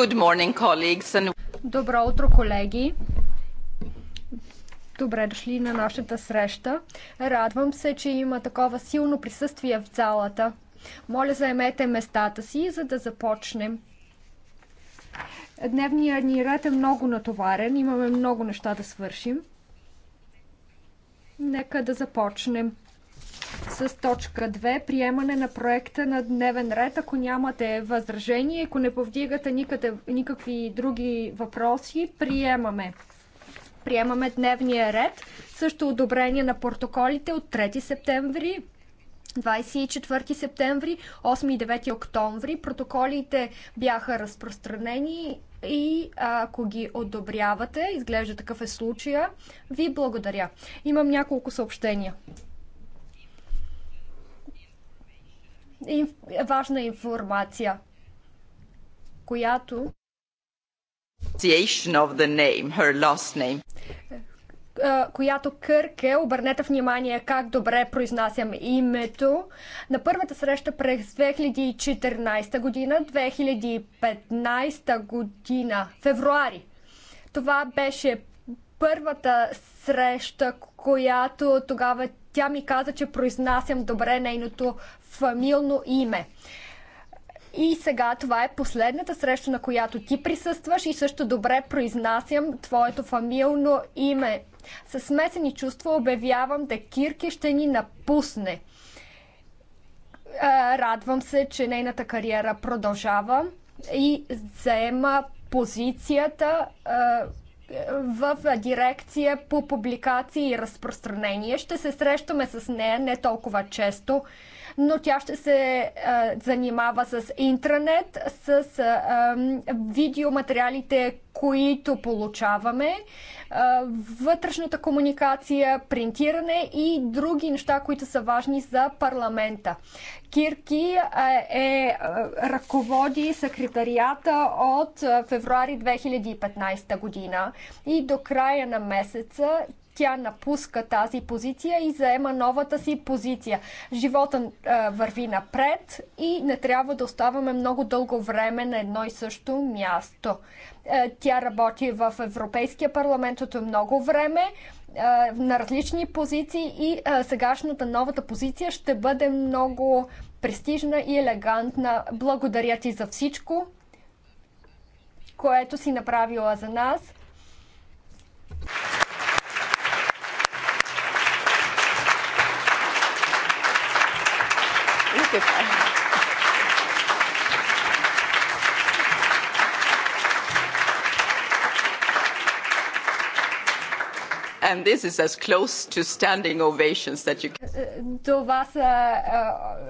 Good morning, colleagues. And... Добро утро, колеги! Добре дошли на нашата среща. Радвам се, че има такова силно присъствие в залата. Моля, заемете местата си, за да започнем. Дневният ни ред е много натоварен. Имаме много неща да свършим. Нека да започнем с точка 2 приемане на проекта на дневен ред. Ако нямате възражение, ако не повдигате никъде, никакви други въпроси, приемаме. Приемаме дневния ред, също одобрение на протоколите от 3 септември, 24 септември, 8 и 9 октомври. Протоколите бяха разпространени и ако ги одобрявате, изглежда такъв е случая, ви благодаря. Имам няколко съобщения. инф... важна информация, която of the name, her last name. Е, е, която Кърке, обърнете внимание как добре произнасям името, на първата среща през 2014 година, 2015 година, февруари. Това беше първата среща, която тогава тя ми каза, че произнасям добре нейното фамилно име. И сега това е последната среща, на която ти присъстваш и също добре произнасям твоето фамилно име. С смесени чувства обявявам, да Кирки ще ни напусне. Радвам се, че нейната кариера продължава и заема позицията в дирекция по публикации и разпространение. Ще се срещаме с нея не толкова често но тя ще се а, занимава с интранет, с а, а, видеоматериалите, които получаваме, а, вътрешната комуникация, принтиране и други неща, които са важни за парламента. Кирки е, ръководи секретарията от февруари 2015 година и до края на месеца тя напуска тази позиция и заема новата си позиция. Живота а, е, върви напред и не трябва да оставаме много дълго време на едно и също място. А, е, тя работи в Европейския парламент от много време а, е, на различни позиции и а, сегашната новата позиция ще бъде много престижна и елегантна. Благодаря ти за всичко, което си направила за нас. Thank you. Can... Това са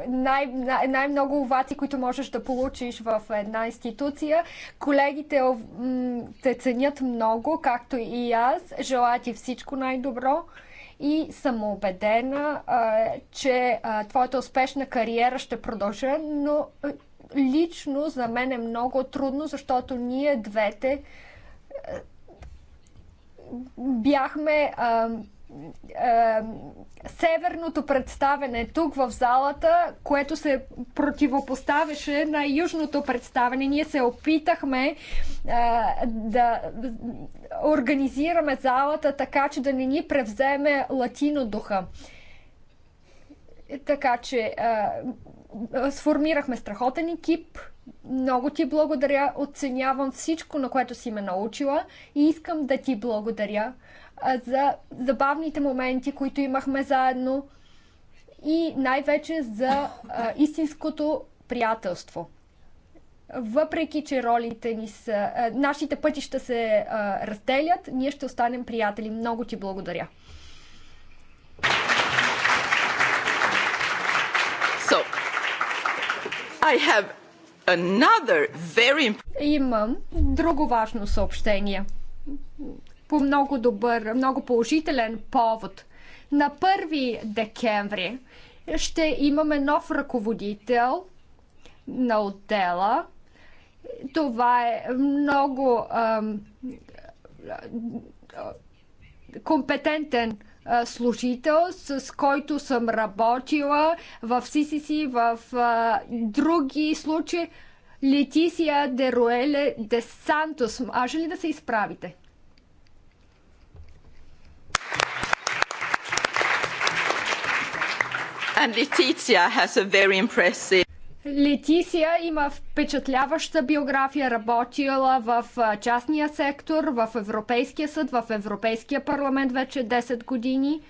е, най- най-много овации, които можеш да получиш в една институция. Колегите те ценят много, както и аз. Желая ти всичко най-добро и съм убедена, че твоята успешна кариера ще продължа, но лично за мен е много трудно, защото ние двете бяхме е, северното представене тук в залата, което се противопоставяше на южното представене. Ние се опитахме е, да организираме залата така, че да не ни превземе латино духа. Така че е, сформирахме страхотен екип. Много ти благодаря. Оценявам всичко, на което си ме научила и искам да ти благодаря за забавните моменти, които имахме заедно и най-вече за а, истинското приятелство. Въпреки, че ролите ни са, а, нашите пътища се а, разделят, ние ще останем приятели. Много ти благодаря. So, I have another very... Имам друго важно съобщение по много добър, много положителен повод. На 1 декември ще имаме нов ръководител на отдела. Това е много ам, компетентен служител, с който съм работила в CCC, в а, други случаи. Летисия Деруеле де Сантос. Може ли да се изправите? And Letizia has a very impressive Летисия има впечатляваща биография, работила в частния сектор, в Европейския съд, в Европейския парламент вече 10 години.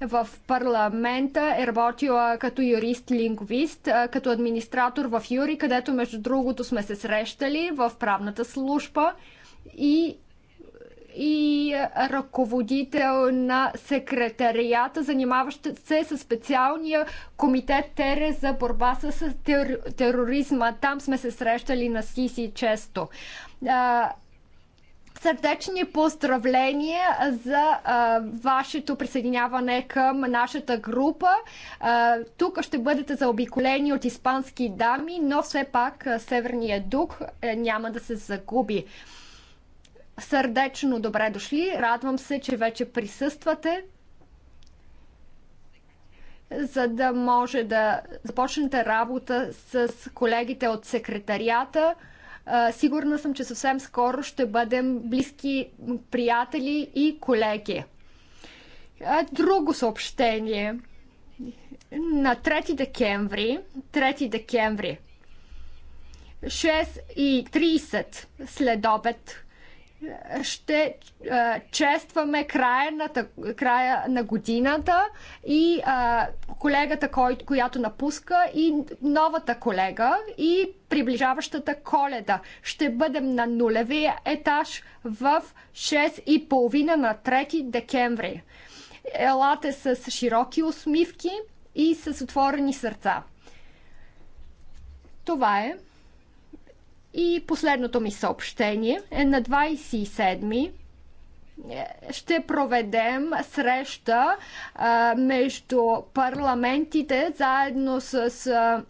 В парламента е работила като юрист-лингвист, като администратор в Юри, където между другото сме се срещали в правната служба и и ръководител на секретарията, занимаващ се с специалния комитет Тере за борба с тер... тероризма. Там сме се срещали на Сиси често. Сърдечни поздравления за а, вашето присъединяване към нашата група. А, тук ще бъдете заобиколени от испански дами, но все пак Северният дух е, няма да се загуби. Сърдечно добре дошли. Радвам се, че вече присъствате, за да може да започнете работа с колегите от секретарията. Сигурна съм, че съвсем скоро ще бъдем близки приятели и колеги. Друго съобщение. На 3 декември, 3 декември 6 30 след обед ще честваме края на, края на годината и а, колегата, кой, която напуска, и новата колега, и приближаващата коледа. Ще бъдем на нулевия етаж в 6.30 на 3 декември. Елате с широки усмивки и с отворени сърца. Това е. И последното ми съобщение е на 27 е, ще проведем среща а, между парламентите заедно с а,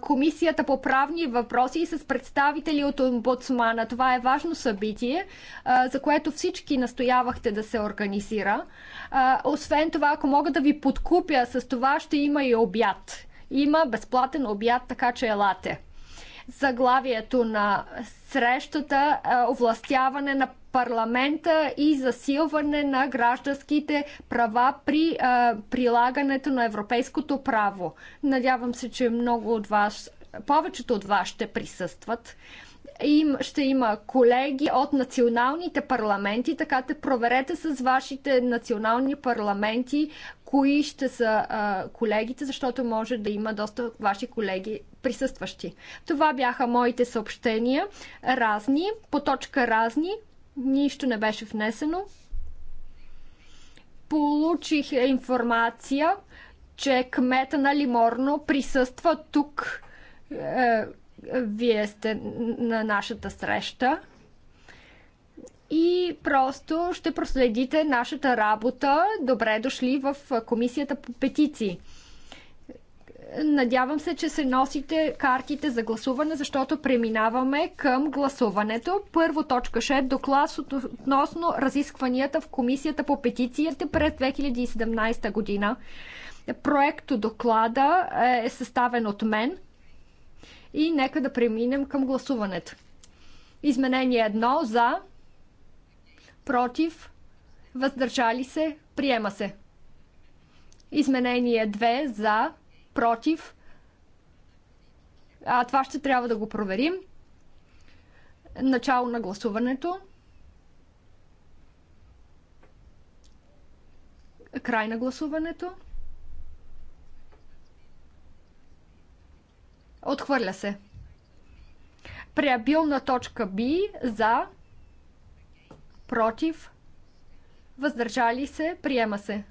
Комисията по правни въпроси и с представители от омбудсмана. Това е важно събитие, а, за което всички настоявахте да се организира. А, освен това, ако мога да ви подкупя с това, ще има и обяд. Има безплатен обяд, така че елате заглавието на срещата е, овластяване на парламента и засилване на гражданските права при а, е, прилагането на европейското право. Надявам се, че много от вас, повечето от вас ще присъстват им, ще има колеги от националните парламенти, така те проверете с вашите национални парламенти, кои ще са а, колегите, защото може да има доста ваши колеги присъстващи. Това бяха моите съобщения. Разни, по точка разни, нищо не беше внесено. Получих информация, че кмета на Лиморно присъства тук. Е, вие сте на нашата среща и просто ще проследите нашата работа. Добре дошли в комисията по петиции. Надявам се, че се носите картите за гласуване, защото преминаваме към гласуването. Първо точка 6. доклас относно разискванията в Комисията по петициите през 2017 година. Проекто доклада е, е съставен от мен – и нека да преминем към гласуването. Изменение 1 за, против, въздържали се, приема се. Изменение 2 за, против. А това ще трябва да го проверим. Начало на гласуването. Край на гласуването. Отхвърля се. Преабилна точка Б за, против, въздържали се, приема се.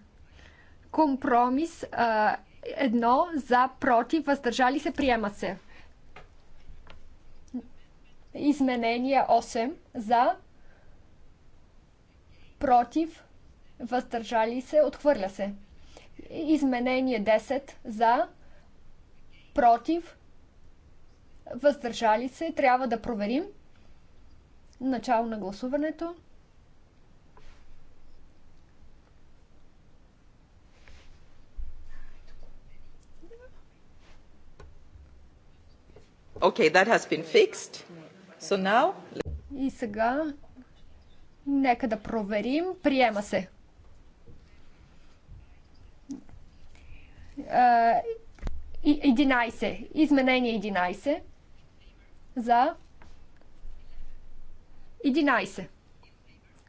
Компромис а, едно за, против, въздържали се, приема се. Изменение 8 за, против, въздържали се, отхвърля се. Изменение 10 за, против, въздържали се, трябва да проверим. Начало на гласуването. Okay, that has been fixed. So now... И сега нека да проверим. Приема се. Uh, е, 11. Изменение 11. За. 11.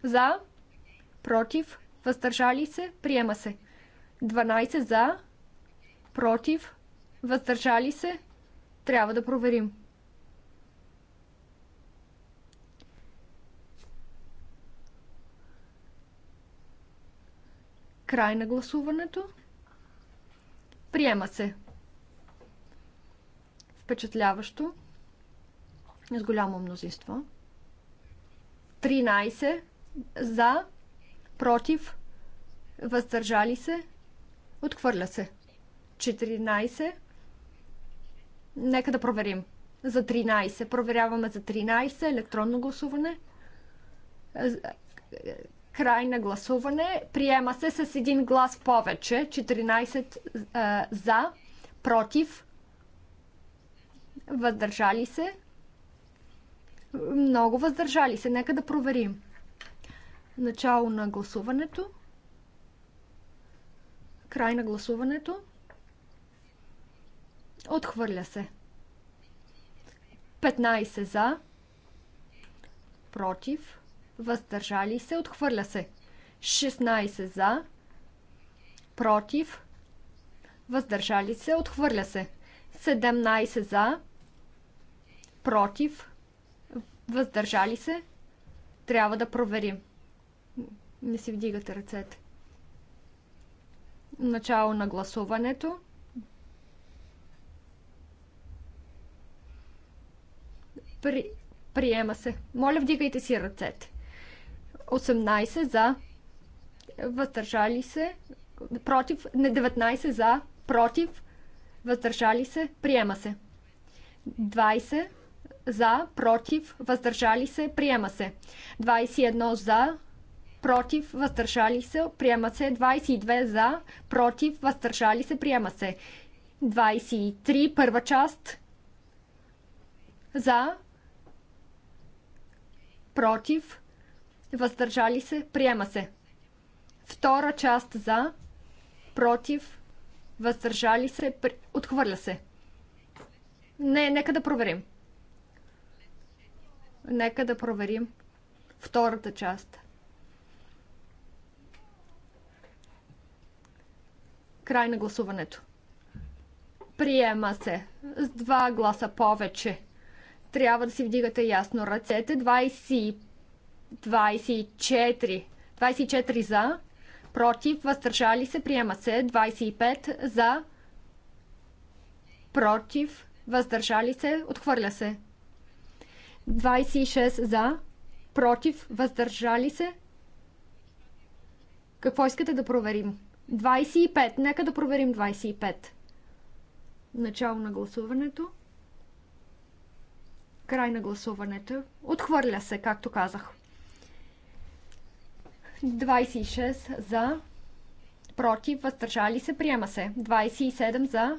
За. Против. Въздържали се. Приема се. 12 за. Против. Въздържали се. Трябва да проверим. Край на гласуването. Приема се. Впечатляващо с голямо мнозинство. 13 за, против, въздържали се, отхвърля се. 14. Нека да проверим. За 13. Проверяваме за 13 електронно гласуване. Край на гласуване. Приема се с един глас повече. 14 за, против, въздържали се, много въздържали се. Нека да проверим. Начало на гласуването. Край на гласуването. Отхвърля се. 15 за. Против. Въздържали се. Отхвърля се. 16 за. Против. Въздържали се. Отхвърля се. 17 за. Против Въздържали се? Трябва да проверим. Не си вдигате ръцете. Начало на гласуването. При... Приема се. Моля, вдигайте си ръцете. 18 за. Въздържали се. Против. Не 19 за. Против. Въздържали се. Приема се. 20 за, против, въздържали се, приема се. 21 за, против, въздържали се, приема се. 22 за, против, въздържали се, приема се. 23, първа част, за, против, въздържали се, приема се. Втора част за, против, въздържали се, отхвърля се. Не, нека да проверим. Нека да проверим втората част. Край на гласуването. Приема се с два гласа повече. Трябва да си вдигате ясно ръцете. 20, 24. 24 за, против, въздържали се, приема се. 25 за, против, въздържали се, отхвърля се. 26 за, против, въздържали се. Какво искате да проверим? 25. Нека да проверим 25. Начало на гласуването. Край на гласуването. Отхвърля се, както казах. 26 за, против, въздържали се, приема се. 27 за,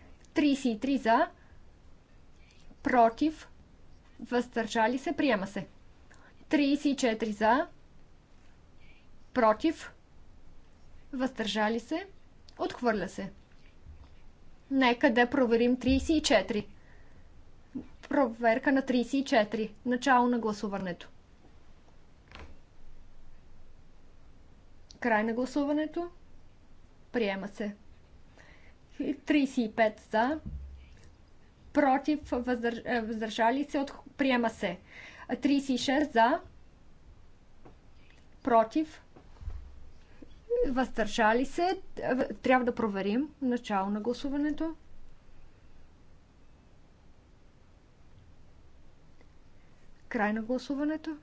33 за, против, въздържали се, приема се. 34 за, против, въздържали се, отхвърля се. Нека да проверим 34. Проверка на 34. Начало на гласуването. Край на гласуването. Приема се. 35 е, за, против, въздържали се, от... приема се. 36 за, против, въздържали се. Трябва да проверим начало на гласуването. Край на гласуването.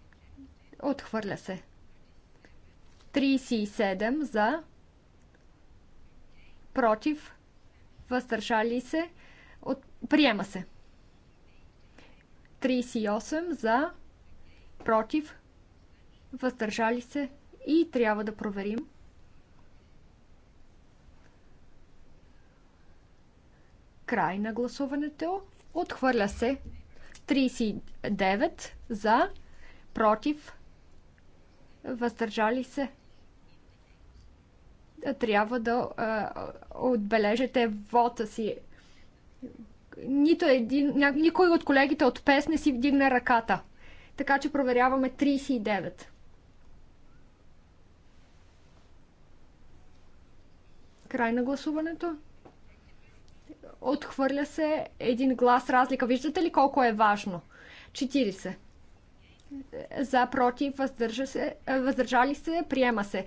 Отхвърля се. 37 за, против, въздържали се, от... приема се. 38 за, против, въздържали се и трябва да проверим. Край на гласуването. Отхвърля се. 39 за, против, въздържали се трябва да отбележите вота си. Нито един, никой от колегите от ПЕС не си вдигна ръката. Така че проверяваме 39. Край на гласуването. Отхвърля се един глас разлика. Виждате ли колко е важно? 40. За, против, въздържа се, въздържали се, приема се.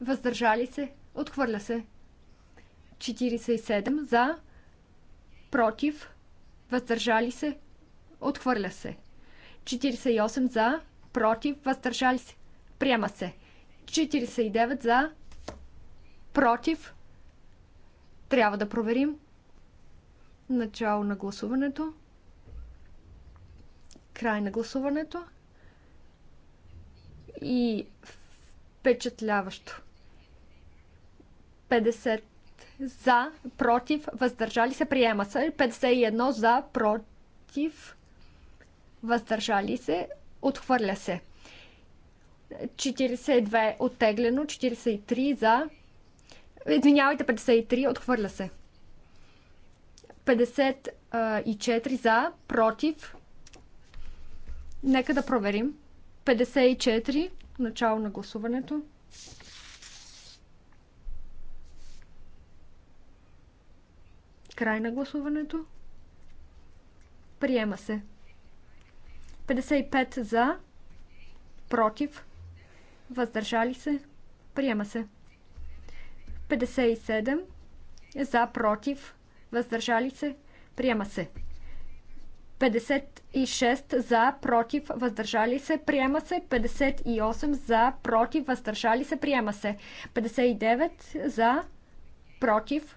въздържали се, отхвърля се. 47 за, против, въздържали се, отхвърля се. 48 за, против, въздържали се, приема се. 49 за, против, трябва да проверим. Начало на гласуването. Край на гласуването. И впечатляващо. 50 за, против, въздържали се, приема се. 51 за, против, въздържали се, отхвърля се. 42 оттеглено, 43 за. Извинявайте, 53 отхвърля се. 54 за, против. Нека да проверим. 54 начало на гласуването. Край на гласуването. Приема се. 55 за, против, въздържали се. Приема се. 57 за, против, въздържали се. Приема се. 56 за, против, въздържали се, приема се. 58 за, против, въздържали се, приема се. 59 за, против,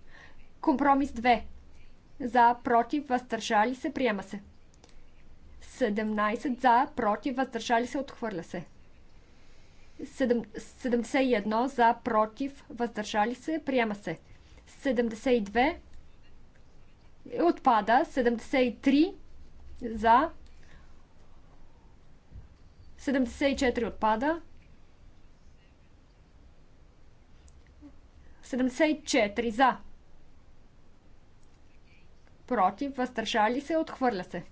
Компромис 2. За, против, въздържали се, приема се. 17 за, против, въздържали се, отхвърля се. 71 за, против, въздържали се, приема се. 72 отпада. 73 за. 74 отпада. 74 за против, въздържали се, отхвърля се.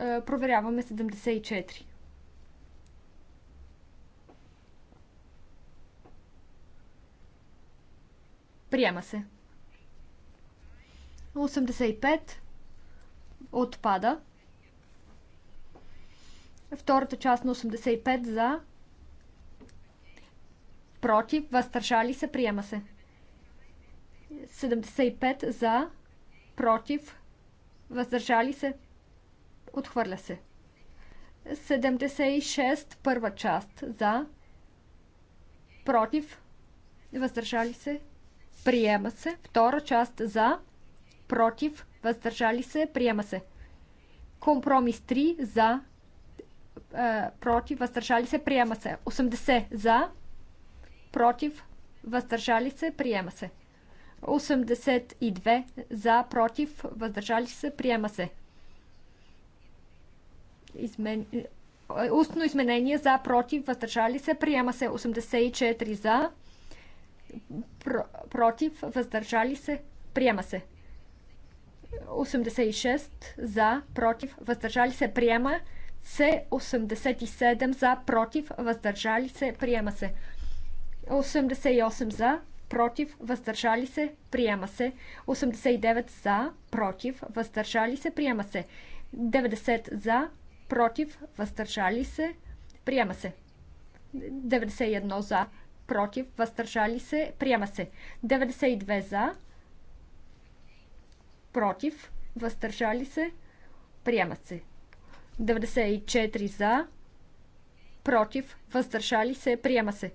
Е, проверяваме 74. Приема се. 85 отпада. Втората част на 85 за против, въздържали се, приема се. 75 за, против, въздържали се, отхвърля се. 76 първа част за, против, въздържали се, приема се. Втора част за, против, въздържали се, приема се. Компромис 3 за, е, против, въздържали се, приема се. 80 за, против, въздържали се, приема се. 82 за, против, въздържали се, приема се. Измен... Е, устно изменение за, против, въздържали се, приема се. 84 за, пр- против, въздържали се, приема се. 86 за, против, въздържали се, приема се. 87 за, против, въздържали се, приема се. 88 за, против, въздържали се, приема се. 89 за, против, въздържали се, приема се. 90 за, против, въздържали се, приема се. 91 за, против, въздържали се, приема се. 92 за, против, въздържали се, приема се. 94 за, против, въздържали се, приема се.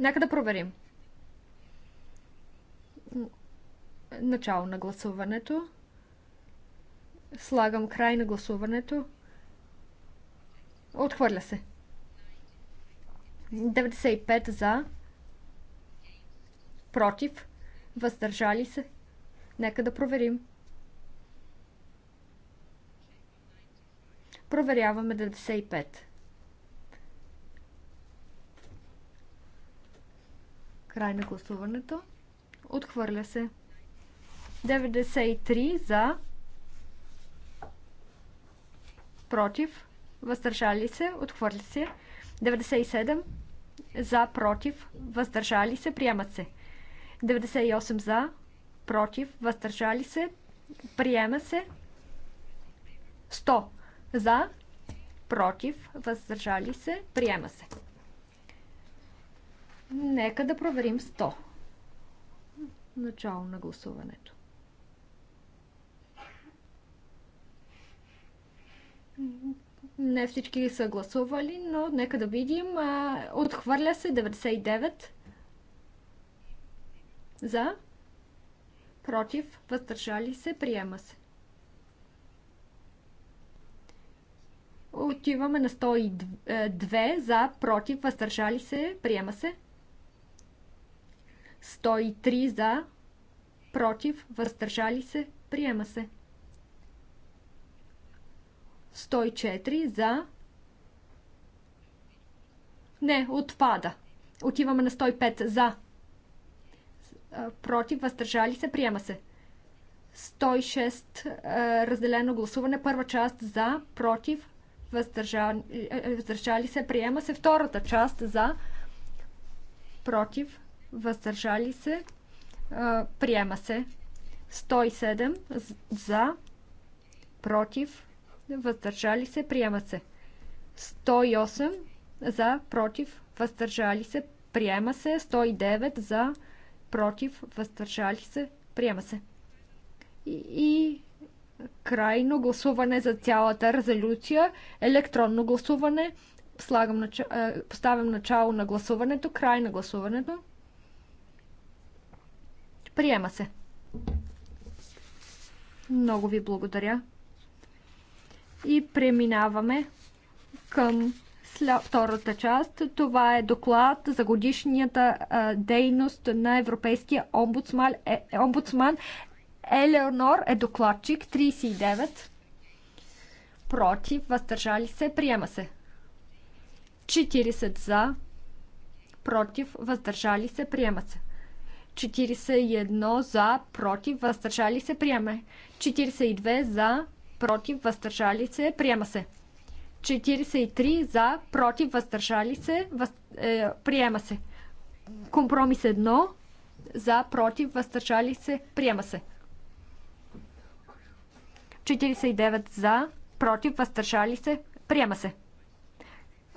Нека да проверим. Начало на гласуването. Слагам край на гласуването. Отхвърля се. 95 за. Против. Въздържали се. Нека да проверим. Проверяваме 95. Край на гласуването. Отхвърля се. 93 за. Против. Въздържали се. Отхвърля се. 97 за. Против. Въздържали се. Приемат се. 98 за. Против. Въздържали се. Приема се. 100 за. Против. Въздържали се. Приема се. Нека да проверим 100. Начало на гласуването. Не всички са гласували, но нека да видим. Отхвърля се 99 за, против, въздържали се, приема се. Отиваме на 102 за, против, въздържали се, приема се. 103 за, против, въздържали се, приема се. 104 за. Не, отпада. Отиваме на 105 за. Против, въздържали се, приема се. 106 разделено гласуване. Първа част за, против, въздържали, въздържали се, приема се. Втората част за, против, въздържали се, приема се. 107 за, против, въздържали се, приема се. 108 за, против, въздържали се, приема се. 109 за, против, въздържали се, приема се. И, и крайно гласуване за цялата резолюция, електронно гласуване. Слагам, поставям начало на гласуването, край на гласуването. Приема се. Много ви благодаря. И преминаваме към втората част. Това е доклад за годишнията дейност на Европейския омбудсман. Е, омбудсман. Елеонор е докладчик 39. Против, въздържали се, приема се. 40 за, против, въздържали се, приема се. 41 за, против, въздържали се, приеме. 42 за, против, въздържали се, приема се. 43 за, против, въздържали се, въз... е, приема се. Компромис 1 за, против, въздържали се, приема се. 49 за, против, въздържали се, приема се.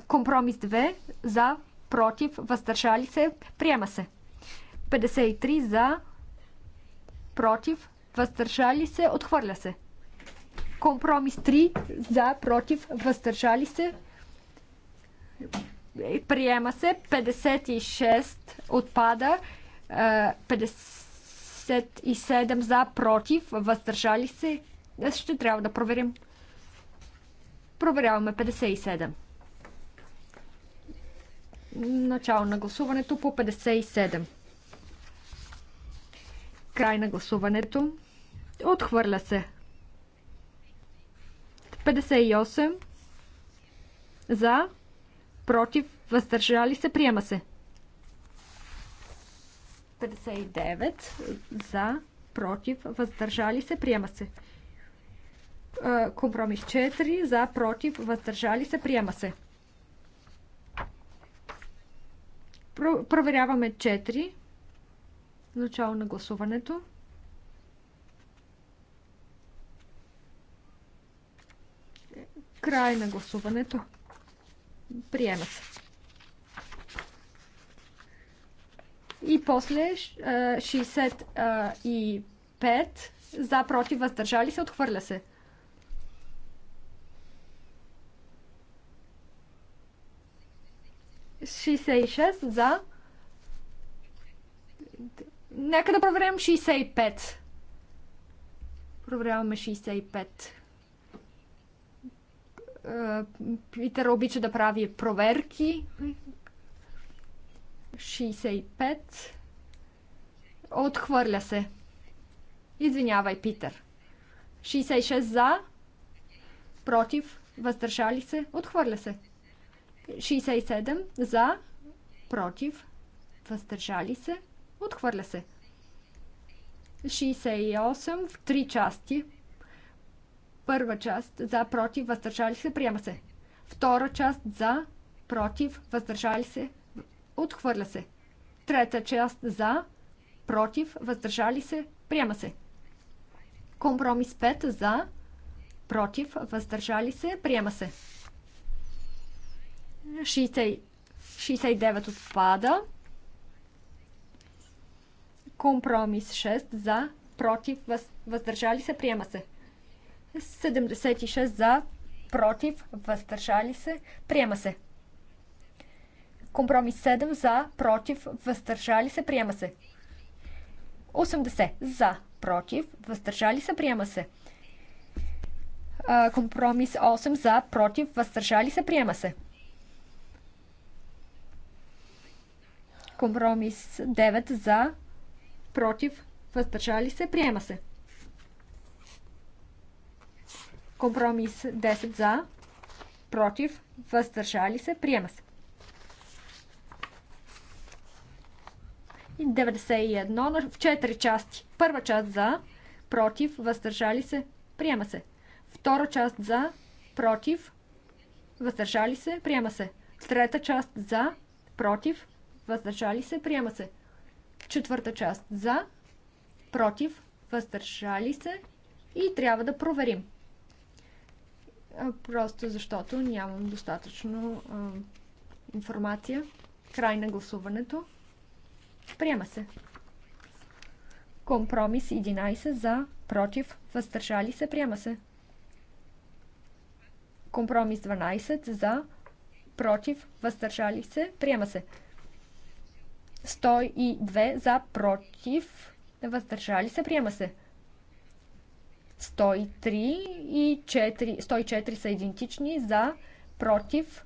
Компромис 2 за, против, въздържали се, приема се. 53 за, против, въздържали се, отхвърля се. Компромис 3 за, против, въздържали се, приема се. 56 отпада, 57 е, за, против, въздържали се. Ще трябва да проверим. Проверяваме 57. Начало на гласуването по 57. Край на гласуването. Отхвърля се. 58 за, против, въздържали се, приема се. 59 за, против, въздържали се, приема се. Компромис 4 за, против, въздържали се, приема се. Проверяваме 4. Начало на гласуването. Край на гласуването. Приема се. И после 65 е, за, против, въздържали се, отхвърля се. С 66 за. Нека да проверим 65. Проверяваме 65. Е, Питър обича да прави проверки. 65. Отхвърля се. Извинявай, Питър. 66 за. Против. Въздържали се. Отхвърля се. 67 за. Против. Въздържали се. Отхвърля се. 68 в три части. Първа част за, против, въздържали се, приема се. Втора част за, против, въздържали се, отхвърля се. Трета част за, против, въздържали се, приема се. Компромис 5 за, против, въздържали се, приема се. 69 отпада. Компромис 6 за, против, въздържали се, приема се. 76 за, против, въздържали се, приема се. Компромис 7 за, против, въздържали се, приема се. 80 за, против, въздържали се, приема се. Компромис 8 за, против, въздържали се, приема се. Компромис 9 за, против, въздържали се, приема се. Компромис 10 за, против, въздържали се, приема се. И 91 в 4 части. Първа част за, против, въздържали се, приема се. Втора част за, против, въздържали се, приема се. Трета част за, против, въздържали се, приема се. Четвърта част за, против, въздържали се и трябва да проверим. Просто защото нямам достатъчно а, информация. Край на гласуването. Приема се. Компромис 11 за, против, въздържали се, приема се. Компромис 12 за, против, въздържали се, приема се. 102 за, против, въздържали се, приема се. 103 и 4, 104 са идентични за, против,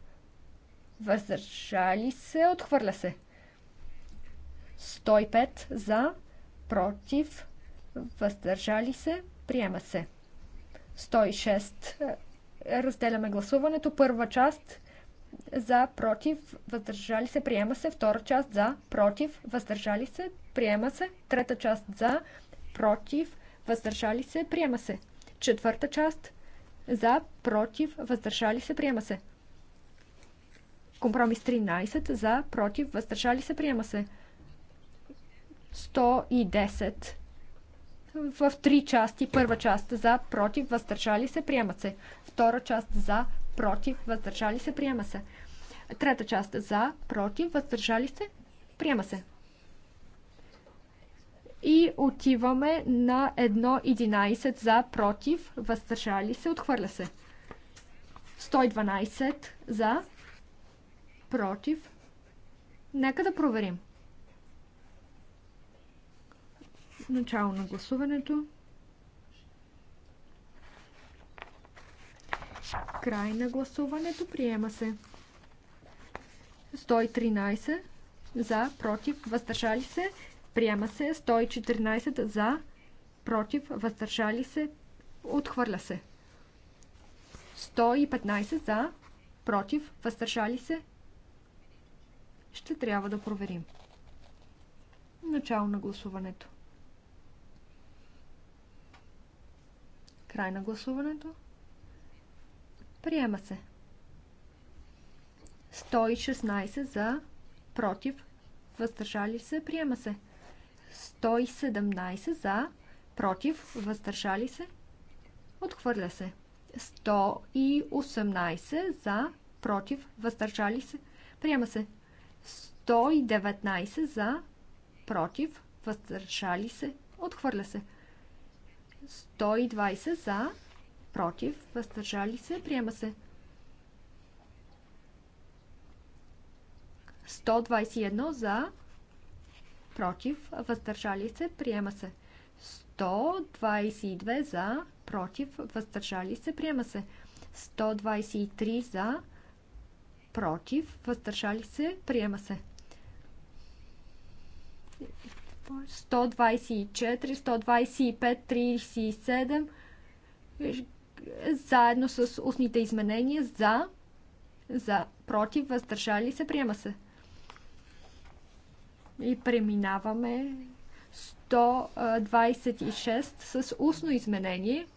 въздържали се, отхвърля се. 105 за, против, въздържали се, приема се. 106. Разделяме гласуването. Първа част за, против, въздържали се, приема се. Втора част за, против, въздържали се, приема се. Трета част за, против, въздържали се, приема се. Четвърта част за, против, въздържали се, приема се. Компромис 13 за, против, въздържали се, приема се. 110 в три части. Първа част за, против, въздържали се, приема се. Втора част за, против, въздържали се, приема се. Трета част за, против, въздържали се, приема се. И отиваме на 1.11 за, против, въздържали се, отхвърля се. 112 за, против. Нека да проверим. Начало на гласуването. Край на гласуването. Приема се. 113 за, против, въздържали се. Приема се. 114 за, против, въздържали се. Отхвърля се. 115 за, против, въздържали се. Ще трябва да проверим. Начало на гласуването. Край на гласуването. Приема се. 116 за, против, въздържали се, приема се. 117 за, против, въздържали се, отхвърля се. 118 за, против, въздържали се, приема се. 119 за, против, въздържали се, отхвърля се. 120 за, против, въздържали се, приема се. 121 за, против, въздържали се, приема се. 122 за, против, въздържали се, приема се. 123 за, против, въздържали се, приема се. 124, 125, 37, заедно с устните изменения за, за, против, въздържали се, приема се. И преминаваме 126 с устно изменение.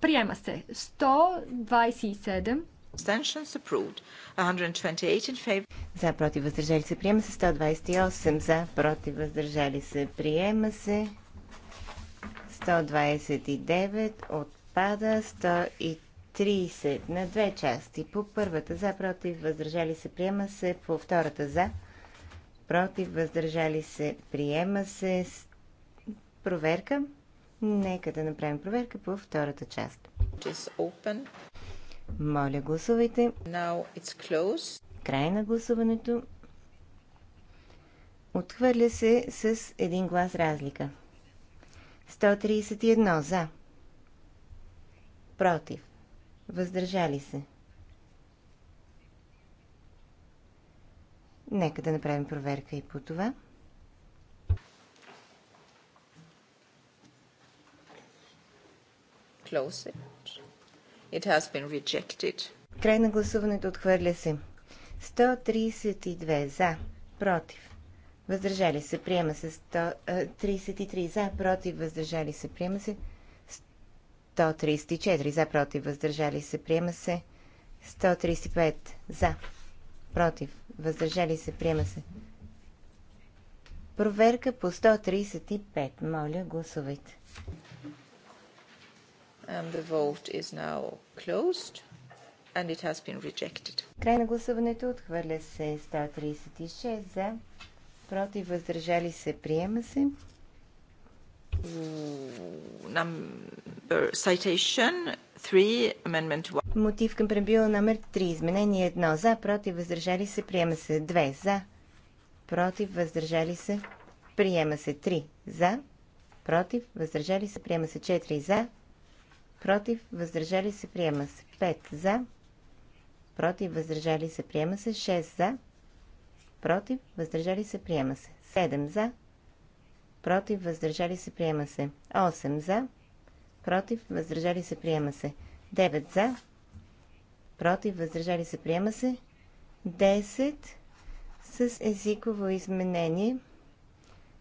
Приема се 127. За против въздържали се приема се 128. За против въздържали се приема се 129 отпада, 130 на две части. По първата за, против, въздържали се, приема се. По втората за, против, въздържали се, приема се. Проверка. Нека да направим проверка по втората част. Моля, гласувайте. Край на гласуването. Отхвърля се с един глас разлика. 131 за. Против. Въздържали се. Нека да направим проверка и по това. Close it. It has been rejected. Край на гласуването отхвърля се. 132 за. Против въздържали се, приема се 133 33 за, против, въздържали се, приема се 134 за, против, въздържали се, приема се 135 за, против, въздържали се, приема се. Проверка по 135. Моля, гласувайте. And um, the vote is now closed and it has been rejected. Край на гласуването отхвърля се 136 за, против, въздържали се, приема се. Е, citation 3, Amendment 1. Мотив към пребила номер 3. Изменение 1. За, против, въздържали се, приема се. 2. За, против, въздържали се, приема се. 3. За, против, въздържали се, приема се. 4. За, против, въздържали се, приема се. 5. За, против, въздържали се, приема се. 6. За, против, въздържали се, приема се. 7 за, против, въздържали се, приема се. 8 за, против, въздържали се, приема се. 9 за, против, въздържали се, приема се. 10 с езиково изменение,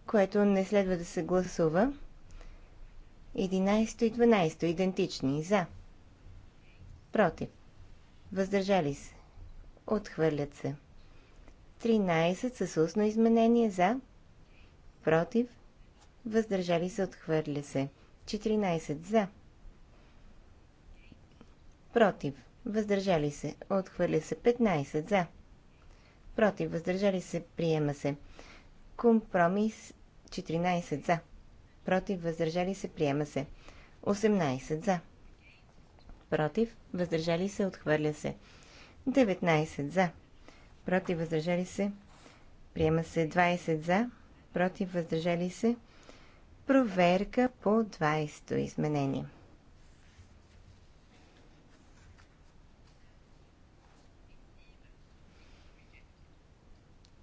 което не следва да се гласува. 11 и 12 идентични. За. Против. Въздържали се. Отхвърлят се. 13 с устно изменение за, против, въздържали се, отхвърля се. 14 за, против, въздържали се, отхвърля се. 15 за, против, въздържали се, приема се. Компромис 14 за, против, въздържали се, приема се. 18 за, против, въздържали се, отхвърля се. 19 за, против, въздържали се, приема се 20 за, против, въздържали се. Проверка по 20-то изменение.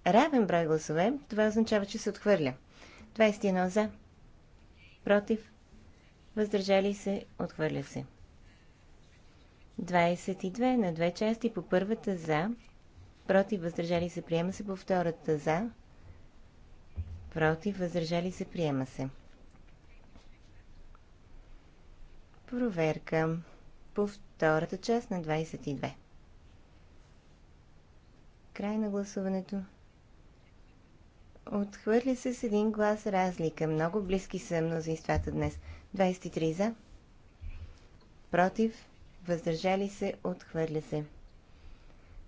Равен брой гласове, това означава, че се отхвърля. 21 за, против, въздържали се, отхвърля се. 22 на две части по първата за, против, въздържали се, приема се по втората за, против, въздържали се, приема се. Проверка по втората част на 22. Край на гласуването. Отхвърли се с един глас разлика. Много близки са мнозинствата днес. 23 за. Против. Въздържали се. Отхвърля се.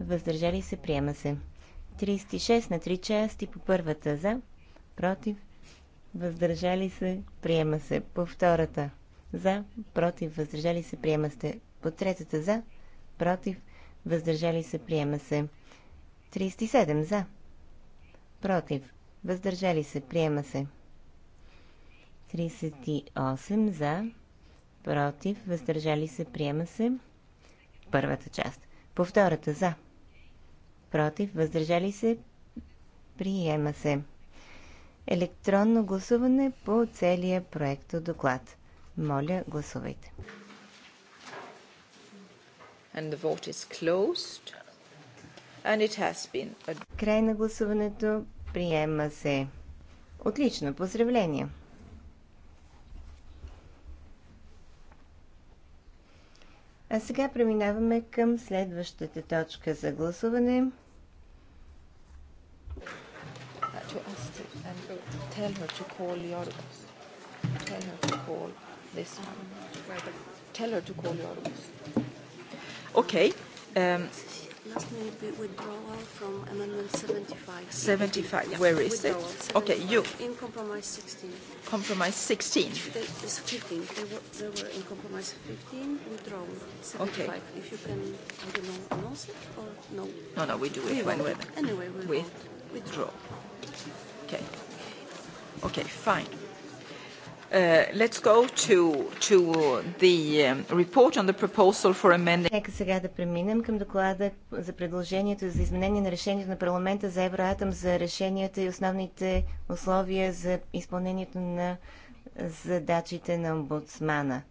въздържали се, приема се. 36 на 3 части по първата за, против, въздържали се, приема се. По втората за, против, въздържали се, приема се. По третата за, против, въздържали се, приема се. 37 за, против, въздържали се, приема се. 38 за, против, въздържали се, приема се. Първата част. По втората за, против, въздържали се, приема се. Електронно гласуване по целия проект доклад. Моля, гласувайте. And the vote is closed. And it has been a... Край на гласуването приема се. Отлично, поздравления! А сега преминаваме към следващата точка за гласуване. Okay. Um, Last minute withdrawal from amendment 75. 75, yeah. where is withdrawal, it? Okay, you. In compromise 16. Compromise 16. it's 15. They were, they were in compromise 15, withdrawal 75. Okay. If you can, I don't know, announce it or no? No, no, we do it we when we're. Anyway, we withdraw. Okay. Okay, fine. Uh, let's go to, to the um, report on the proposal for amending. Нека сега да преминем към доклада за предложението за изменение на решението на парламента за Евроатом за решенията и основните условия за изпълнението на задачите на омбудсмана.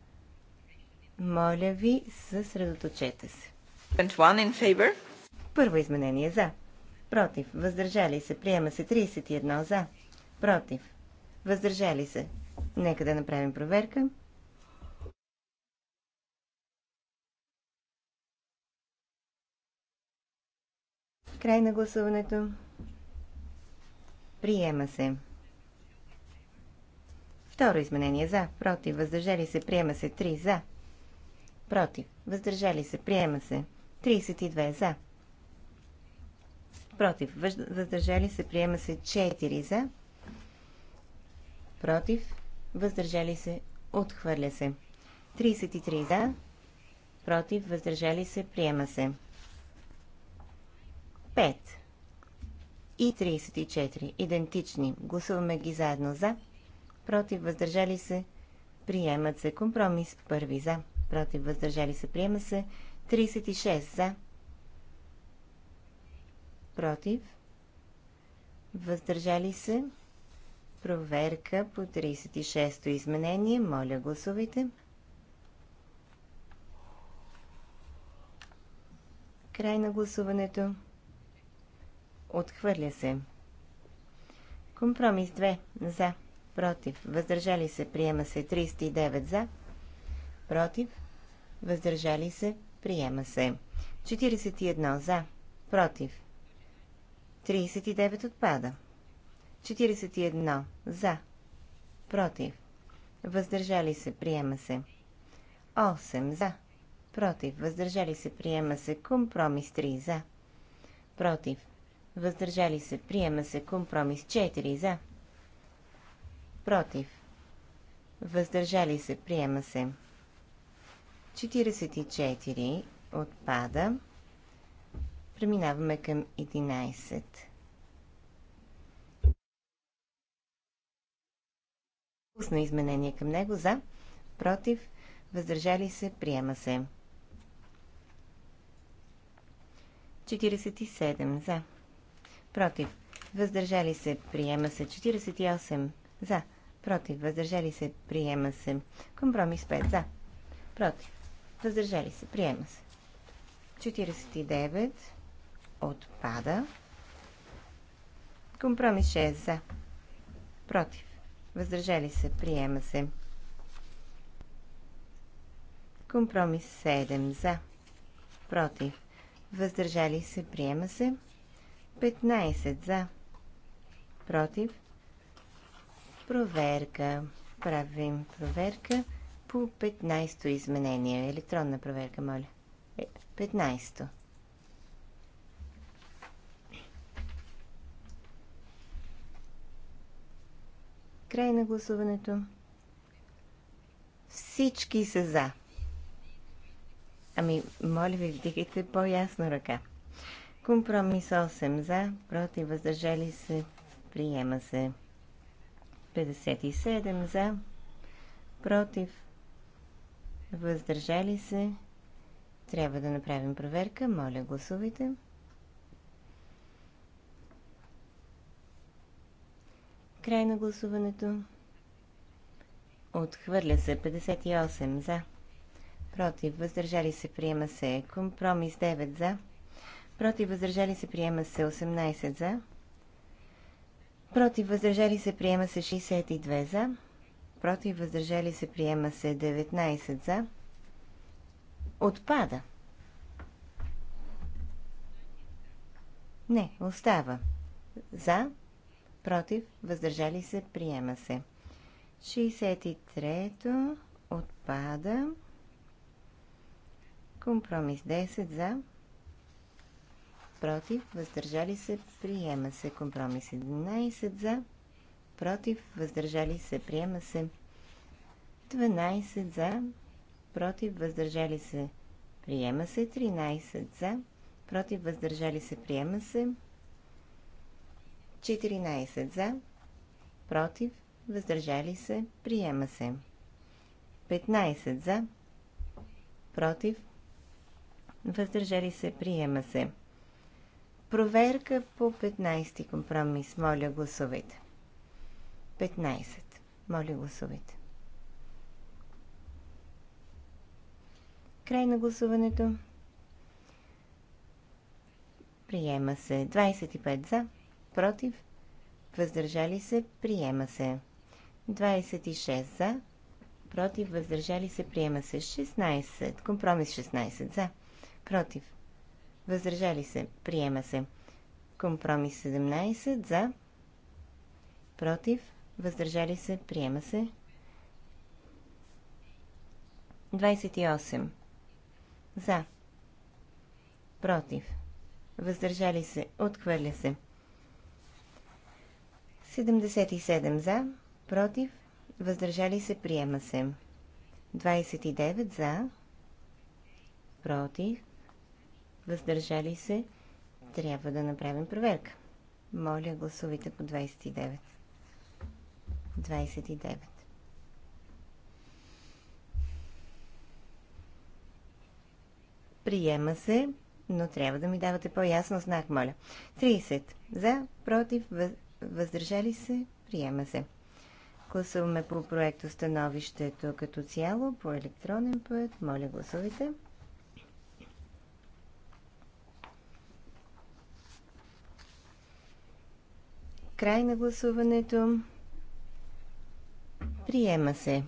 Моля ви, съсредоточете се. Първо изменение за. Против. Въздържали се. Приема се 31 за. Против. Въздържали се. Нека да направим проверка. Край на гласуването. Приема се. Второ изменение за, против, въздържали се, приема се 3 за. Против, въздържали се, приема се 32 за. Против, въздържали се, приема се 4 за. Против, въздържали се, отхвърля се. 33 за, против, въздържали се, приема се. 5 и 34 идентични. Гласуваме ги заедно за, против, въздържали се, приемат се. Компромис първи за, против, въздържали се, приема се. 36 за, против, въздържали се, Проверка по 36-то изменение. Моля, гласувайте. Край на гласуването. Отхвърля се. Компромис 2. За. Против. Въздържали се. Приема се 39 за. Против. Въздържали се. Приема се. 41 за. Против. 39 отпада. 41. За. Против. Въздържали се. Приема се. 8. За. Против. Въздържали се. Приема се. Компромис 3. За. Против. Въздържали се. Приема се. Компромис 4. За. Против. Въздържали се. Приема се. 44. Отпада. Преминаваме към 11. допусна изменение към него за, против, въздържали се, приема се. 47 за, против, въздържали се, приема се. 48 за, против, въздържали се, приема се. Компромис 5 за, против, въздържали се, приема се. 49 отпада. Компромис 6 за, против, въздържали се, приема се. Компромис 7 за, против, въздържали се, приема се. 15 за, против, проверка. Правим проверка по 15-то изменение. Електронна проверка, моля. 15-то. Е, Край на гласуването. Всички са за. Ами, моля ви, вдигайте по-ясно ръка. Компромис 8 за, против въздържали се, приема се. 57 за, против въздържали се. Трябва да направим проверка. Моля, гласувайте. Край на гласуването. Отхвърля се 58 за. Против въздържали се приема се компромис 9 за. Против въздържали се приема се 18 за. Против въздържали се приема се 62 за. Против въздържали се приема се 19 за. Отпада. Не, остава. За против, въздържали се, приема се. 63-то отпада. Компромис 10 за, против, въздържали се, приема се. Компромис 11 за, против, въздържали се, приема се. 12 за, против, въздържали се, приема се. 13 за, против, въздържали се, приема се. 14 за, против, въздържали се, приема се. 15 за, против, въздържали се, приема се. Проверка по 15 компромис. Моля, гласувайте. 15. Моля, гласувайте. Край на гласуването. Приема се 25 за, против, въздържали се, приема се. 26 за, против, въздържали се, приема се. 16, компромис 16 за, против, въздържали се, приема се. Компромис 17 за, против, въздържали се, приема се. 28 за, против, въздържали се, отхвърля се. 77 за, против, въздържали се, приема се. 29 за, против, въздържали се, трябва да направим проверка. Моля, гласувайте по 29. 29. Приема се, но трябва да ми давате по-ясно знак, моля. 30. За, против, въздържали се, приема се. Гласуваме по проекто становището като цяло, по електронен път. Моля, гласувайте. Край на гласуването. Приема се.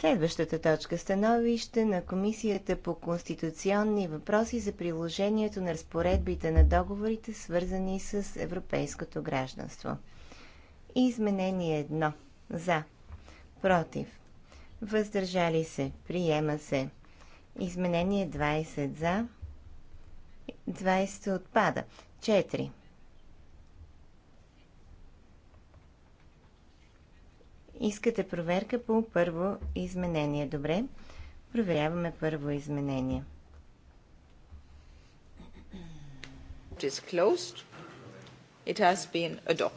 Следващата точка становище на Комисията по конституционни въпроси за приложението на разпоредбите на договорите, свързани с европейското гражданство. Изменение 1. За. Против. Въздържали се. Приема се. Изменение 20 за. 20 отпада. 4. Искате проверка по първо изменение. Добре. Проверяваме първо изменение.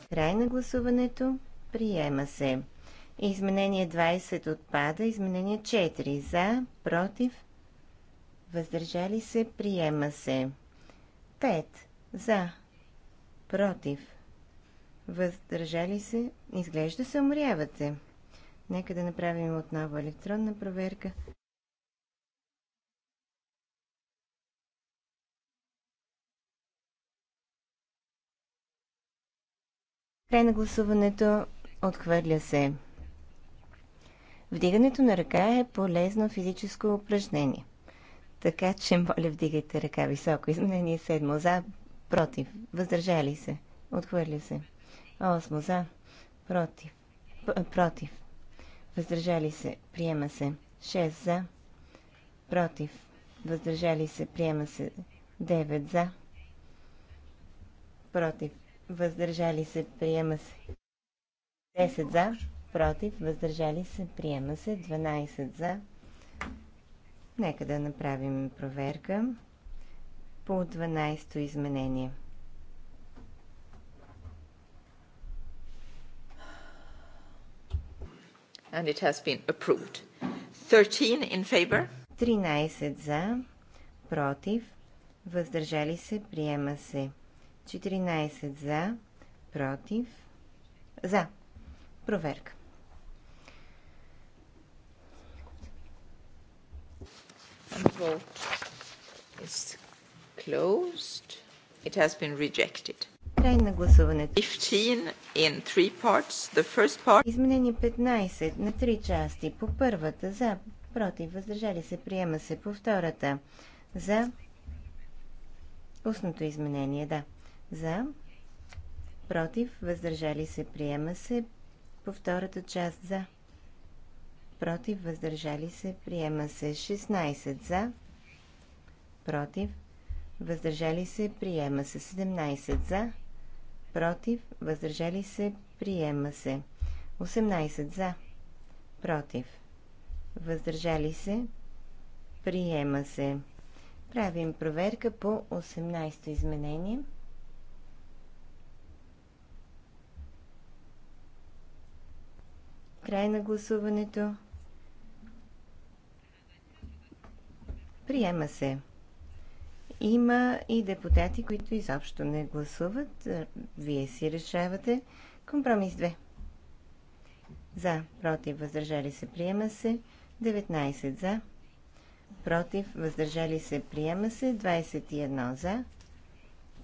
Край на гласуването. Приема се. Изменение 20 отпада. Изменение 4. За, против, въздържали се, приема се. 5. За, против, въздържали се, изглежда се умрявате. Нека да направим отново електронна проверка. Край на гласуването отхвърля се. Вдигането на ръка е полезно физическо упражнение. Така че, моля, вдигайте ръка високо. Изменение седмо. За, против, въздържали се. Отхвърля се. 8 за, против, против, въздържали се, приема се. 6 за, против, въздържали се, приема се. 9 за, против, въздържали се, приема се. 10 за, против, въздържали се, приема се. 12 за. Нека да направим проверка по 12-то изменение. and it has been approved. 13 in favor. 13 за, против, въздържали се, приема се. 14 за, против, за. Проверка. And vote is closed. It has been rejected. Край на гласуването. 15 in three parts. The first part... Изменение 15 на три части. По първата за, против, въздържали се, приема се. По втората за устното изменение, да. За, против, въздържали се, приема се. По втората част за, против, въздържали се, приема се. 16 за, против, въздържали се, приема се. 17 за, против, въздържали се, приема се. 18 за, против, въздържали се, приема се. Правим проверка по 18-то изменение. Край на гласуването. Приема се. Има и депутати, които изобщо не гласуват. Е, вие си решавате. Компромис 2. За, против, въздържали се, приема се. 19 за. Против, въздържали се, приема се. 21 за.